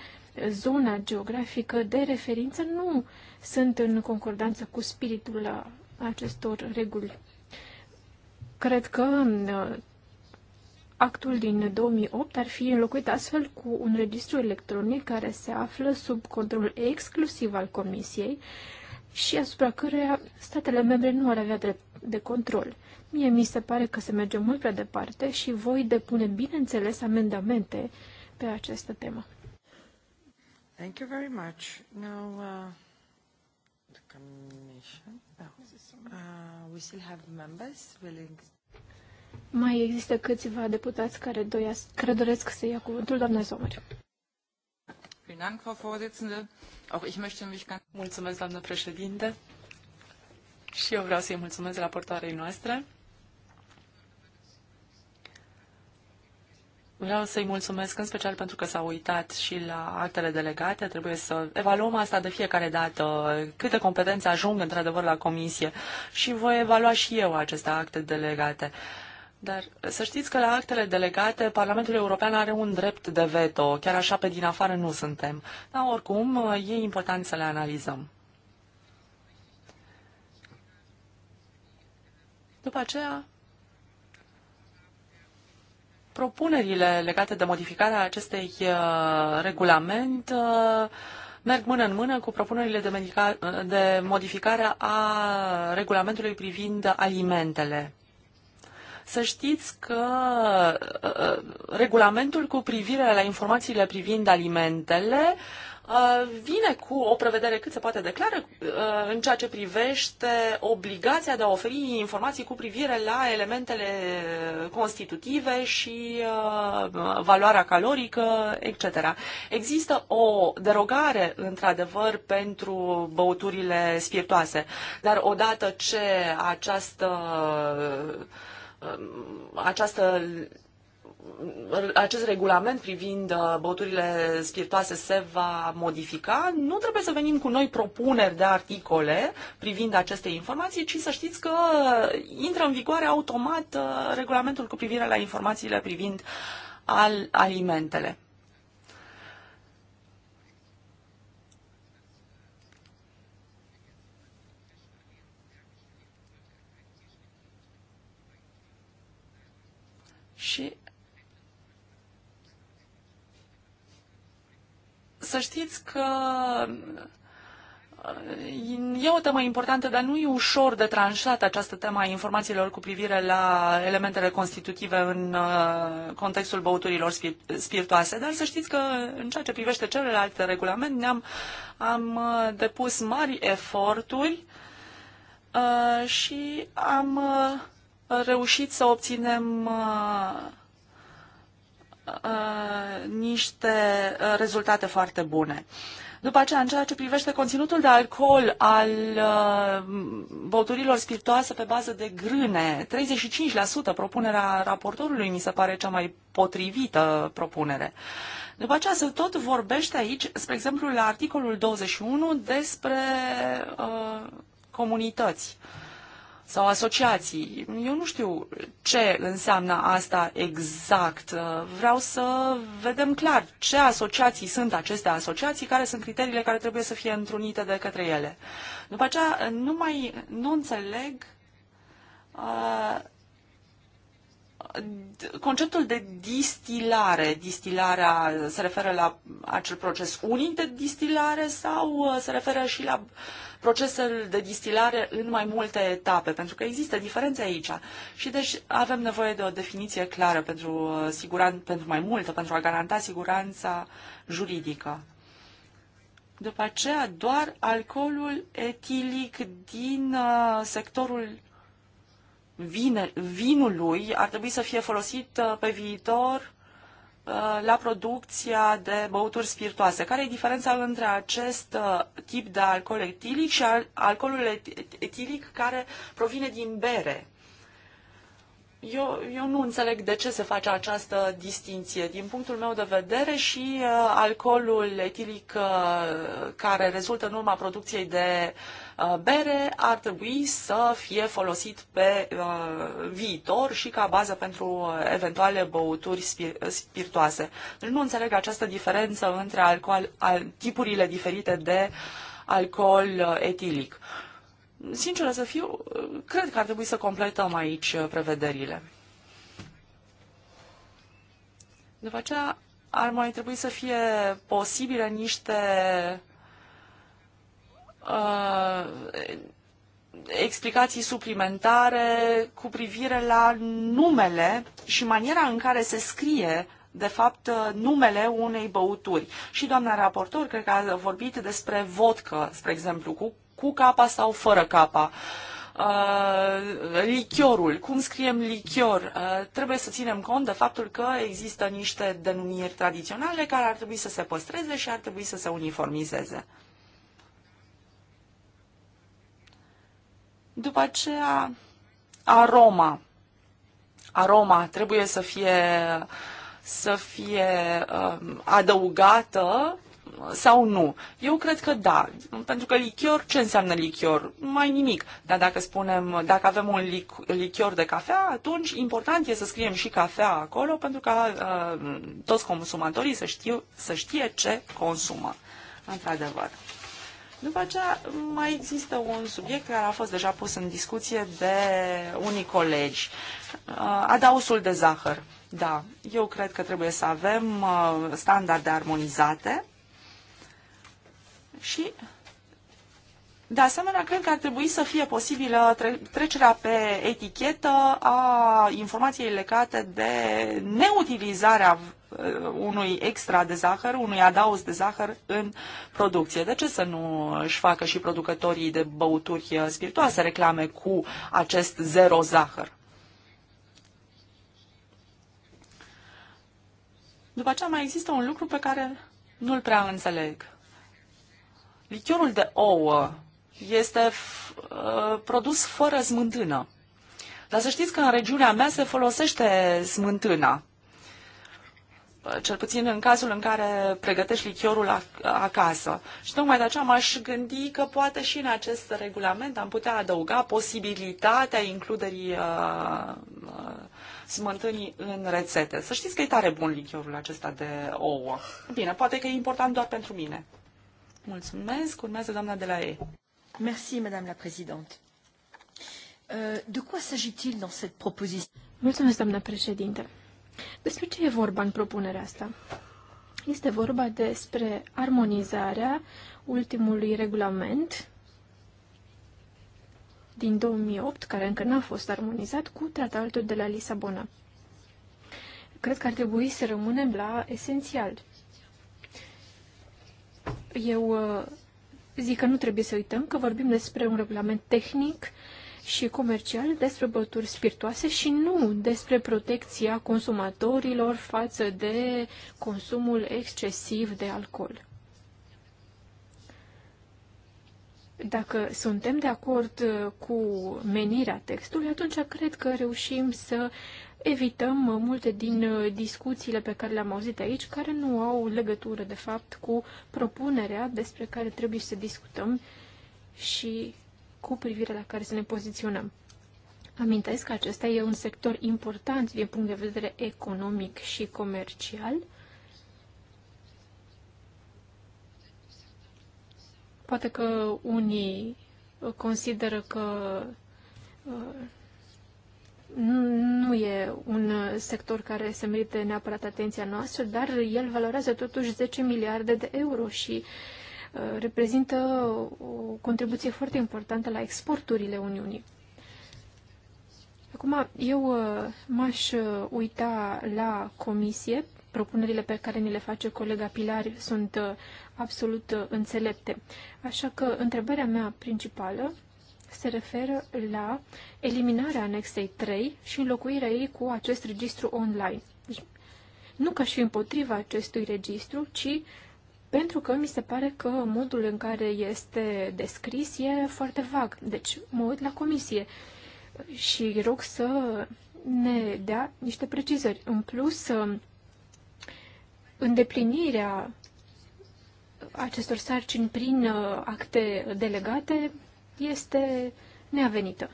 zona geografică de referință nu sunt în concordanță cu spiritul acestor reguli. Cred că uh, actul din 2008 ar fi înlocuit astfel cu un registru electronic care se află sub controlul exclusiv al Comisiei, și asupra căreia statele membre nu ar avea drept de control. Mie mi se pare că se merge mult prea departe și voi depune, bineînțeles, amendamente pe această temă. Thank you very much. Now, uh, the commission. Oh. Uh, we still have members willing. Mai există câțiva deputați care, doias, care doresc să ia cuvântul, doamna Zomăr. Dank, Frau Vorsitzende. Auch ich möchte mich ganz... Mulțumesc, doamnă președinte. Și eu vreau să-i mulțumesc raportoarei noastre. Vreau să-i mulțumesc în special pentru că s-a uitat și la actele delegate. Trebuie să evaluăm asta de fiecare dată, câte competențe ajung într-adevăr la comisie. Și voi evalua și eu aceste acte delegate. Dar să știți că la actele delegate Parlamentul European are un drept de veto, chiar așa pe din afară nu suntem. Dar oricum e important să le analizăm. După aceea, propunerile legate de modificarea acestei uh, regulament uh, merg mână în mână cu propunerile de, de modificare a regulamentului privind alimentele. Să știți că uh, uh, regulamentul cu privire la informațiile privind alimentele uh, vine cu o prevedere cât se poate declară în ceea ce privește obligația de a oferi informații cu privire la elementele constitutive și valoarea calorică, etc. Există o derogare, într-adevăr, pentru băuturile spiritoase, dar odată ce această Um, această acest regulament privind uh, băuturile spiritoase se va modifica, nu trebuie să venim cu noi propuneri de articole privind aceste informații, ci să știți că intră în vigoare automat uh, regulamentul cu privire la informațiile privind al alimentele. să știți că uh, e o temă importantă, dar nu e ușor de tranșat această temă a informațiilor cu privire la elementele constitutive în uh, contextul băuturilor spiritoase. Dar să știți că în ceea ce privește celelalte regulament ne-am am uh, depus mari eforturi și am reușit să obținem uh, niște uh, rezultate foarte bune. După aceea, în ceea ce privește conținutul de alcool al uh, băuturilor spiritoase pe bază de grâne, 35% propunerea raportorului mi se pare cea mai potrivită propunere. După aceea se tot vorbește aici, spre exemplu, la articolul 21 despre uh, comunități. Uh, sau asociații. Eu nu știu ce înseamnă asta exact. Vreau să vedem clar ce asociații sunt aceste asociații, care sunt criteriile care trebuie să fie întrunite de către ele. După aceea, nu mai nu înțeleg uh, conceptul de distilare, distilarea se referă la acel proces unic de distilare sau uh, se referă și la procesul de distilare în mai multe etape, pentru că există diferențe aici. Și deci avem nevoie de o definiție clară pentru, uh, siguran, pentru mai multă, pentru a garanta siguranța juridică. După aceea, doar alcoolul etilic din uh, sectorul vine, vinului ar trebui să fie folosit uh, pe viitor uh, la producția de băuturi spiritoase. Care e diferența între acest uh, tip de alcool etilic și alcoolul etilic care provine din bere? Eu, eu nu înțeleg de ce se face această distinție. Din punctul meu de vedere și uh, alcoolul etilic uh, care rezultă în urma producției de uh, bere ar trebui să fie folosit pe viitor și ca bază pentru eventuale băuturi spiritoase. Deci nu înțeleg această diferență între alcool, tipurile diferite de alcool etilic. Sincer să fiu, cred că ar trebui să completăm aici prevederile. După aceea, ar mai trebui să fie posibile niște uh, explicații suplimentare cu privire la numele și maniera în care se scrie de fapt, numele unei băuturi. Și doamna raportor, cred că a vorbit despre vodcă, spre exemplu, cu, cu capa sau fără capa. Uh, lichiorul, cum scriem lichior, uh, trebuie să ținem cont de faptul că există niște denumiri tradiționale care ar trebui să se păstreze și ar trebui să se uniformizeze. După aceea, aroma. Aroma trebuie să fie, să fie uh, adăugată sau nu? Eu cred că da, pentru că lichior, ce înseamnă lichior? Mai nimic. Dar dacă spunem, dacă avem un lic- lichior de cafea, atunci important e să scriem și cafea acolo, pentru ca uh, toți consumatorii să, știu, să știe ce consumă, într-adevăr. După aceea mai există un subiect care a fost deja pus în discuție de unii colegi. Uh, Adausul de zahăr. Da, eu cred că trebuie să avem uh, standarde armonizate și de asemenea, cred că ar trebui să fie posibilă trecerea pe etichetă a informației legate de neutilizarea Uh, unui extra de zahăr, unui adaos de zahăr în producție. De ce să nu își facă și producătorii de băuturi spiritoase reclame cu acest zero zahăr? După aceea mai există un lucru pe care nu-l prea înțeleg. Lichiorul de ouă este uh, produs fără smântână. Dar să știți că în regiunea mea se folosește smântâna cel puțin în cazul în care pregătești lichiorul acasă. Și tocmai de aceea m-aș gândi că poate și în acest regulament am putea adăuga posibilitatea includerii uh, uh, smântânii în rețete. Să știți că e tare bun lichiorul acesta de ouă. Bine, poate că e important doar pentru mine. Mulțumesc. Urmează doamna de la E. Merci, madame la présidente. Euh, de quoi s'agit-il dans cette proposition? Mulțumesc, doamna președinte. Despre ce e vorba în propunerea asta? Este vorba despre armonizarea ultimului regulament din 2008, care încă n-a fost armonizat, cu tratatul de la Lisabona. Cred că ar trebui să rămânem la esențial. Eu uh, zic că nu trebuie să uităm că vorbim despre un regulament tehnic și comerciale despre băuturi spiritoase și nu despre protecția consumatorilor față de consumul excesiv de alcool. Dacă suntem de acord uh, cu menirea textului, atunci cred că reușim să evităm multe din uh, discuțiile pe care le-am auzit aici, care nu au legătură, de fapt, cu propunerea despre care trebuie să discutăm și cu privire la care să ne poziționăm. Amintesc că acesta e un sector important din punct de vedere economic și comercial. Poate că unii consideră că uh, nu e un sector care se merită neapărat atenția noastră, dar el valorează totuși 10 miliarde de euro și uh, reprezintă o contribuție foarte importantă la exporturile Uniunii. Acum, eu uh, m-aș uh, uita la comisie. Propunerile pe care ni le face colega Pilar sunt uh, absolut înțelepte. Așa că întrebarea mea principală se referă la eliminarea anexei 3 și înlocuirea ei cu acest registru online. Deci, nu că aș fi împotriva acestui registru, ci pentru că mi se pare că modul în care este descris e foarte vag. Deci mă uit la comisie și rog să ne dea niște precizări. În plus, îndeplinirea acestor sarcini prin uh, acte delegate este neavenită.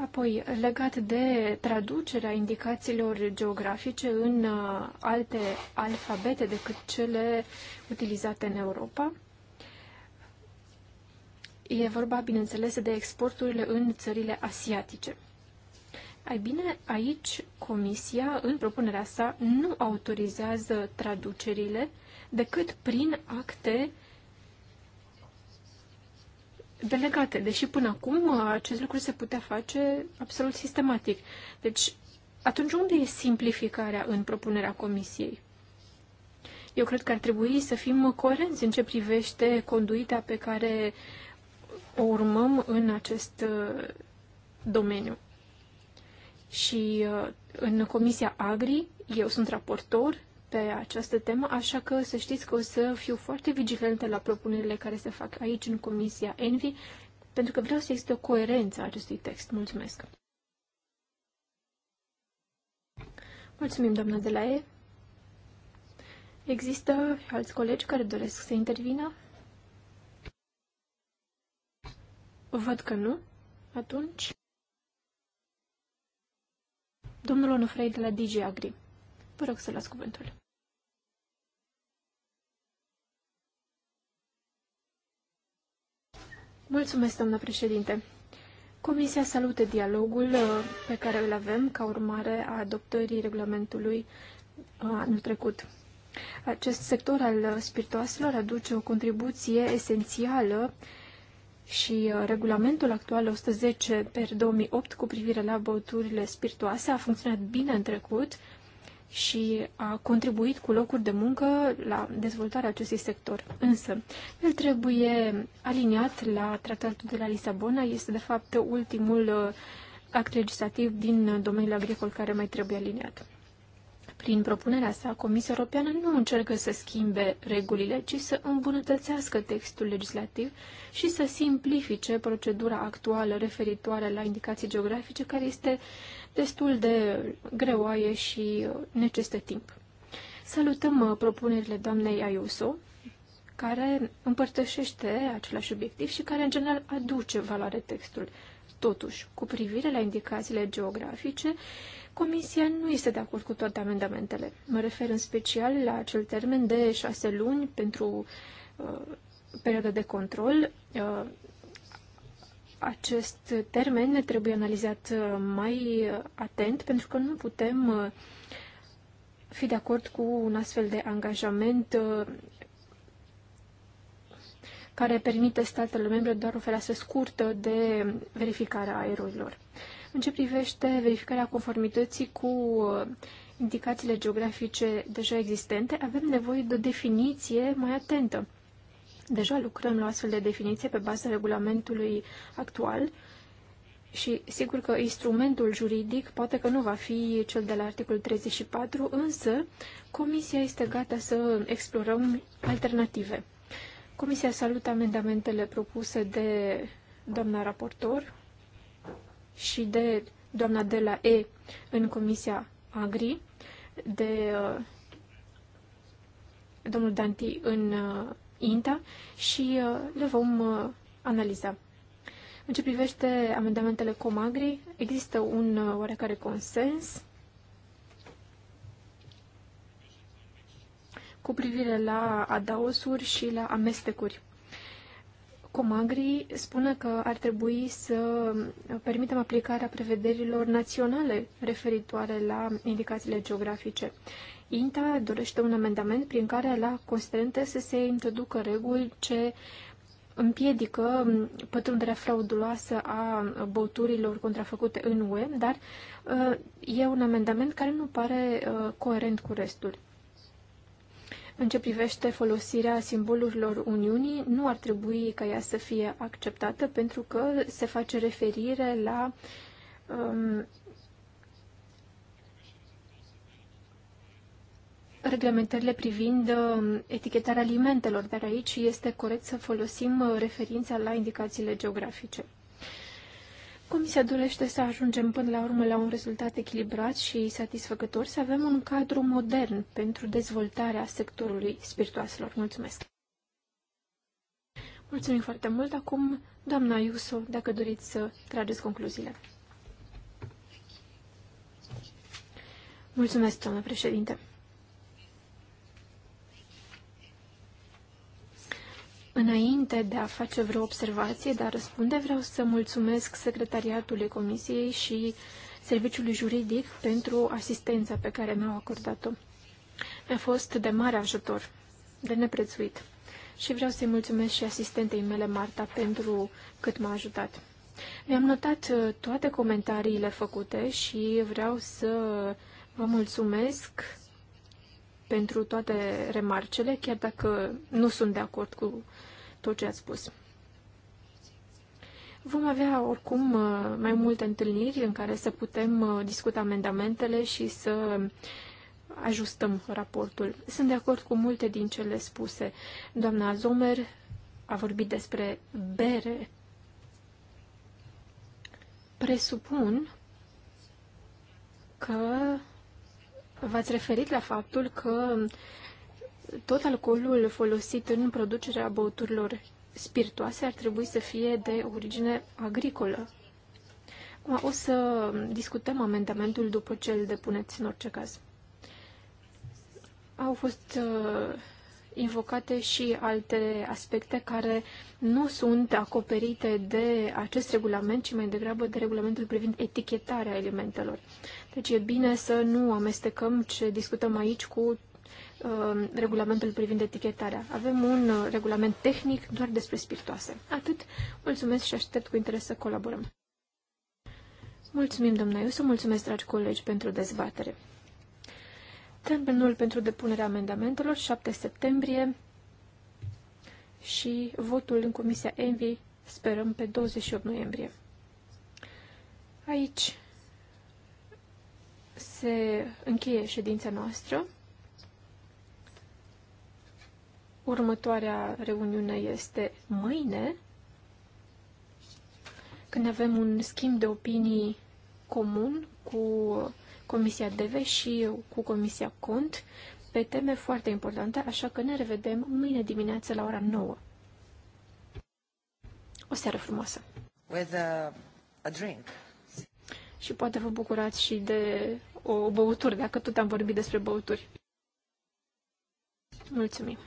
Apoi, legat de traducerea indicațiilor geografice în uh, alte alfabete decât cele utilizate în Europa, e vorba, bineînțeles, de exporturile în țările asiatice. Ai bine, aici Comisia, în propunerea sa, nu autorizează traducerile decât prin acte uh, delegate, deși până acum uh, acest lucru se putea face absolut sistematic. Deci, atunci unde e simplificarea în propunerea comisiei? Eu cred că ar trebui să fim coerenți în ce privește conduita pe care o urmăm în acest uh, domeniu. Și uh, în Comisia Agri, eu sunt raportor pe această temă, așa că să știți că o să fiu foarte vigilentă la propunerile care se fac aici în Comisia Envi, pentru că vreau să existe o coerență a acestui text. Mulțumesc! Mulțumim, doamna E. Există alți colegi care doresc să intervină? Văd că nu. Atunci... Domnul Onofrei de la DG Agri. Vă rog să luați cuvântul. Mulțumesc, doamnă președinte. Comisia salută dialogul uh, pe care îl avem ca urmare a adoptării regulamentului uh, anul trecut. Acest sector al uh, spiritoaselor aduce o contribuție esențială și regulamentul actual 110 per 2008 cu privire la băuturile spiritoase a funcționat bine în trecut și a contribuit cu locuri de muncă la dezvoltarea acestui sector. Însă, el trebuie aliniat la Tratatul de la Lisabona, este de fapt ultimul uh, act legislativ din domeniul agricol care mai trebuie aliniat. Prin propunerea sa, Comisia Europeană nu încearcă să schimbe regulile, ci să îmbunătățească textul legislativ și să simplifice procedura actuală referitoare la indicații geografice, care este destul de greoaie și uh, necesită timp. Salutăm uh, propunerile doamnei Ayuso, care împărtășește același obiectiv și care, în general, aduce valoare textului. Totuși, cu privire la indicațiile geografice, Comisia nu este de acord cu toate amendamentele. Mă refer în special la acel termen de șase luni pentru uh, perioada de control, uh, acest termen trebuie analizat uh, mai atent pentru că nu putem uh, fi de acord cu un astfel de angajament uh, care permite statelor membre doar o fereastră scurtă de verificare a aerurilor. În ce privește verificarea conformității cu indicațiile geografice deja existente, avem nevoie de o definiție mai atentă. Deja lucrăm la astfel de definiție pe baza regulamentului actual și sigur că instrumentul juridic poate că nu va fi cel de la articolul 34, însă Comisia este gata să explorăm alternative. Comisia salută amendamentele propuse de doamna raportor și de doamna de la E în Comisia Agri, de uh, domnul Danti în uh, INTA și uh, le vom uh, analiza. În ce privește amendamentele Comagri, există un uh, oarecare consens cu privire la adaosuri și la amestecuri. Comagri spune că ar trebui să permitem aplicarea prevederilor naționale referitoare la indicațiile geografice. INTA dorește un amendament prin care la constrente să se introducă reguli ce împiedică pătrunderea frauduloasă a băuturilor contrafăcute în UE, dar uh, e un amendament care nu pare uh, coerent cu restul. În ce privește folosirea simbolurilor Uniunii, nu ar trebui ca ea să fie acceptată pentru că se face referire la um, reglementările privind uh, etichetarea alimentelor, dar aici este corect să folosim uh, referința la indicațiile geografice. Comisia dorește să ajungem până la urmă la un rezultat echilibrat și satisfăcător, să avem un cadru modern pentru dezvoltarea sectorului spiritoaselor. Mulțumesc! Mulțumim foarte mult. Acum, doamna Iuso, dacă doriți să trageți concluziile. Mulțumesc, doamnă președinte. Înainte de a face vreo observație, de a răspunde, vreau să mulțumesc secretariatului Comisiei și serviciului juridic pentru asistența pe care mi-au acordat-o. Mi-a fost de mare ajutor, de neprețuit. Și vreau să-i mulțumesc și asistentei mele, Marta, pentru cât m-a ajutat. Mi-am notat uh, toate comentariile făcute și vreau să vă mulțumesc pentru toate remarcele, chiar dacă nu sunt de acord cu tot ce ați spus. Vom avea oricum uh, mai multe întâlniri în care să putem uh, discuta amendamentele și să ajustăm raportul. Sunt de acord cu multe din cele spuse. Doamna Zomer a vorbit despre bere. Presupun că v-ați referit la faptul că tot alcoolul folosit în producerea băuturilor spiritoase ar trebui să fie de origine agricolă. O să discutăm amendamentul după ce îl depuneți în orice caz. Au fost uh, invocate și alte aspecte care nu sunt acoperite de acest regulament, ci mai degrabă de regulamentul privind etichetarea elementelor. Deci e bine să nu amestecăm ce discutăm aici cu Um, regulamentul privind etichetarea. Avem un uh, regulament tehnic doar despre spiritoase. Atât. Mulțumesc și aștept cu interes să colaborăm. Mulțumim, domnule să mulțumesc, dragi colegi, pentru dezbatere. Termenul pentru depunerea amendamentelor, 7 septembrie și votul în Comisia Envi sperăm pe 28 noiembrie. Aici se încheie ședința noastră. Următoarea reuniune este mâine, când avem un schimb de opinii comun cu Comisia DEVE și cu Comisia CONT pe teme foarte importante, așa că ne revedem mâine dimineață la ora 9. O seară frumoasă! With a, a drink. Și poate vă bucurați și de o băutură, dacă tot am vorbit despre băuturi. Mulțumim!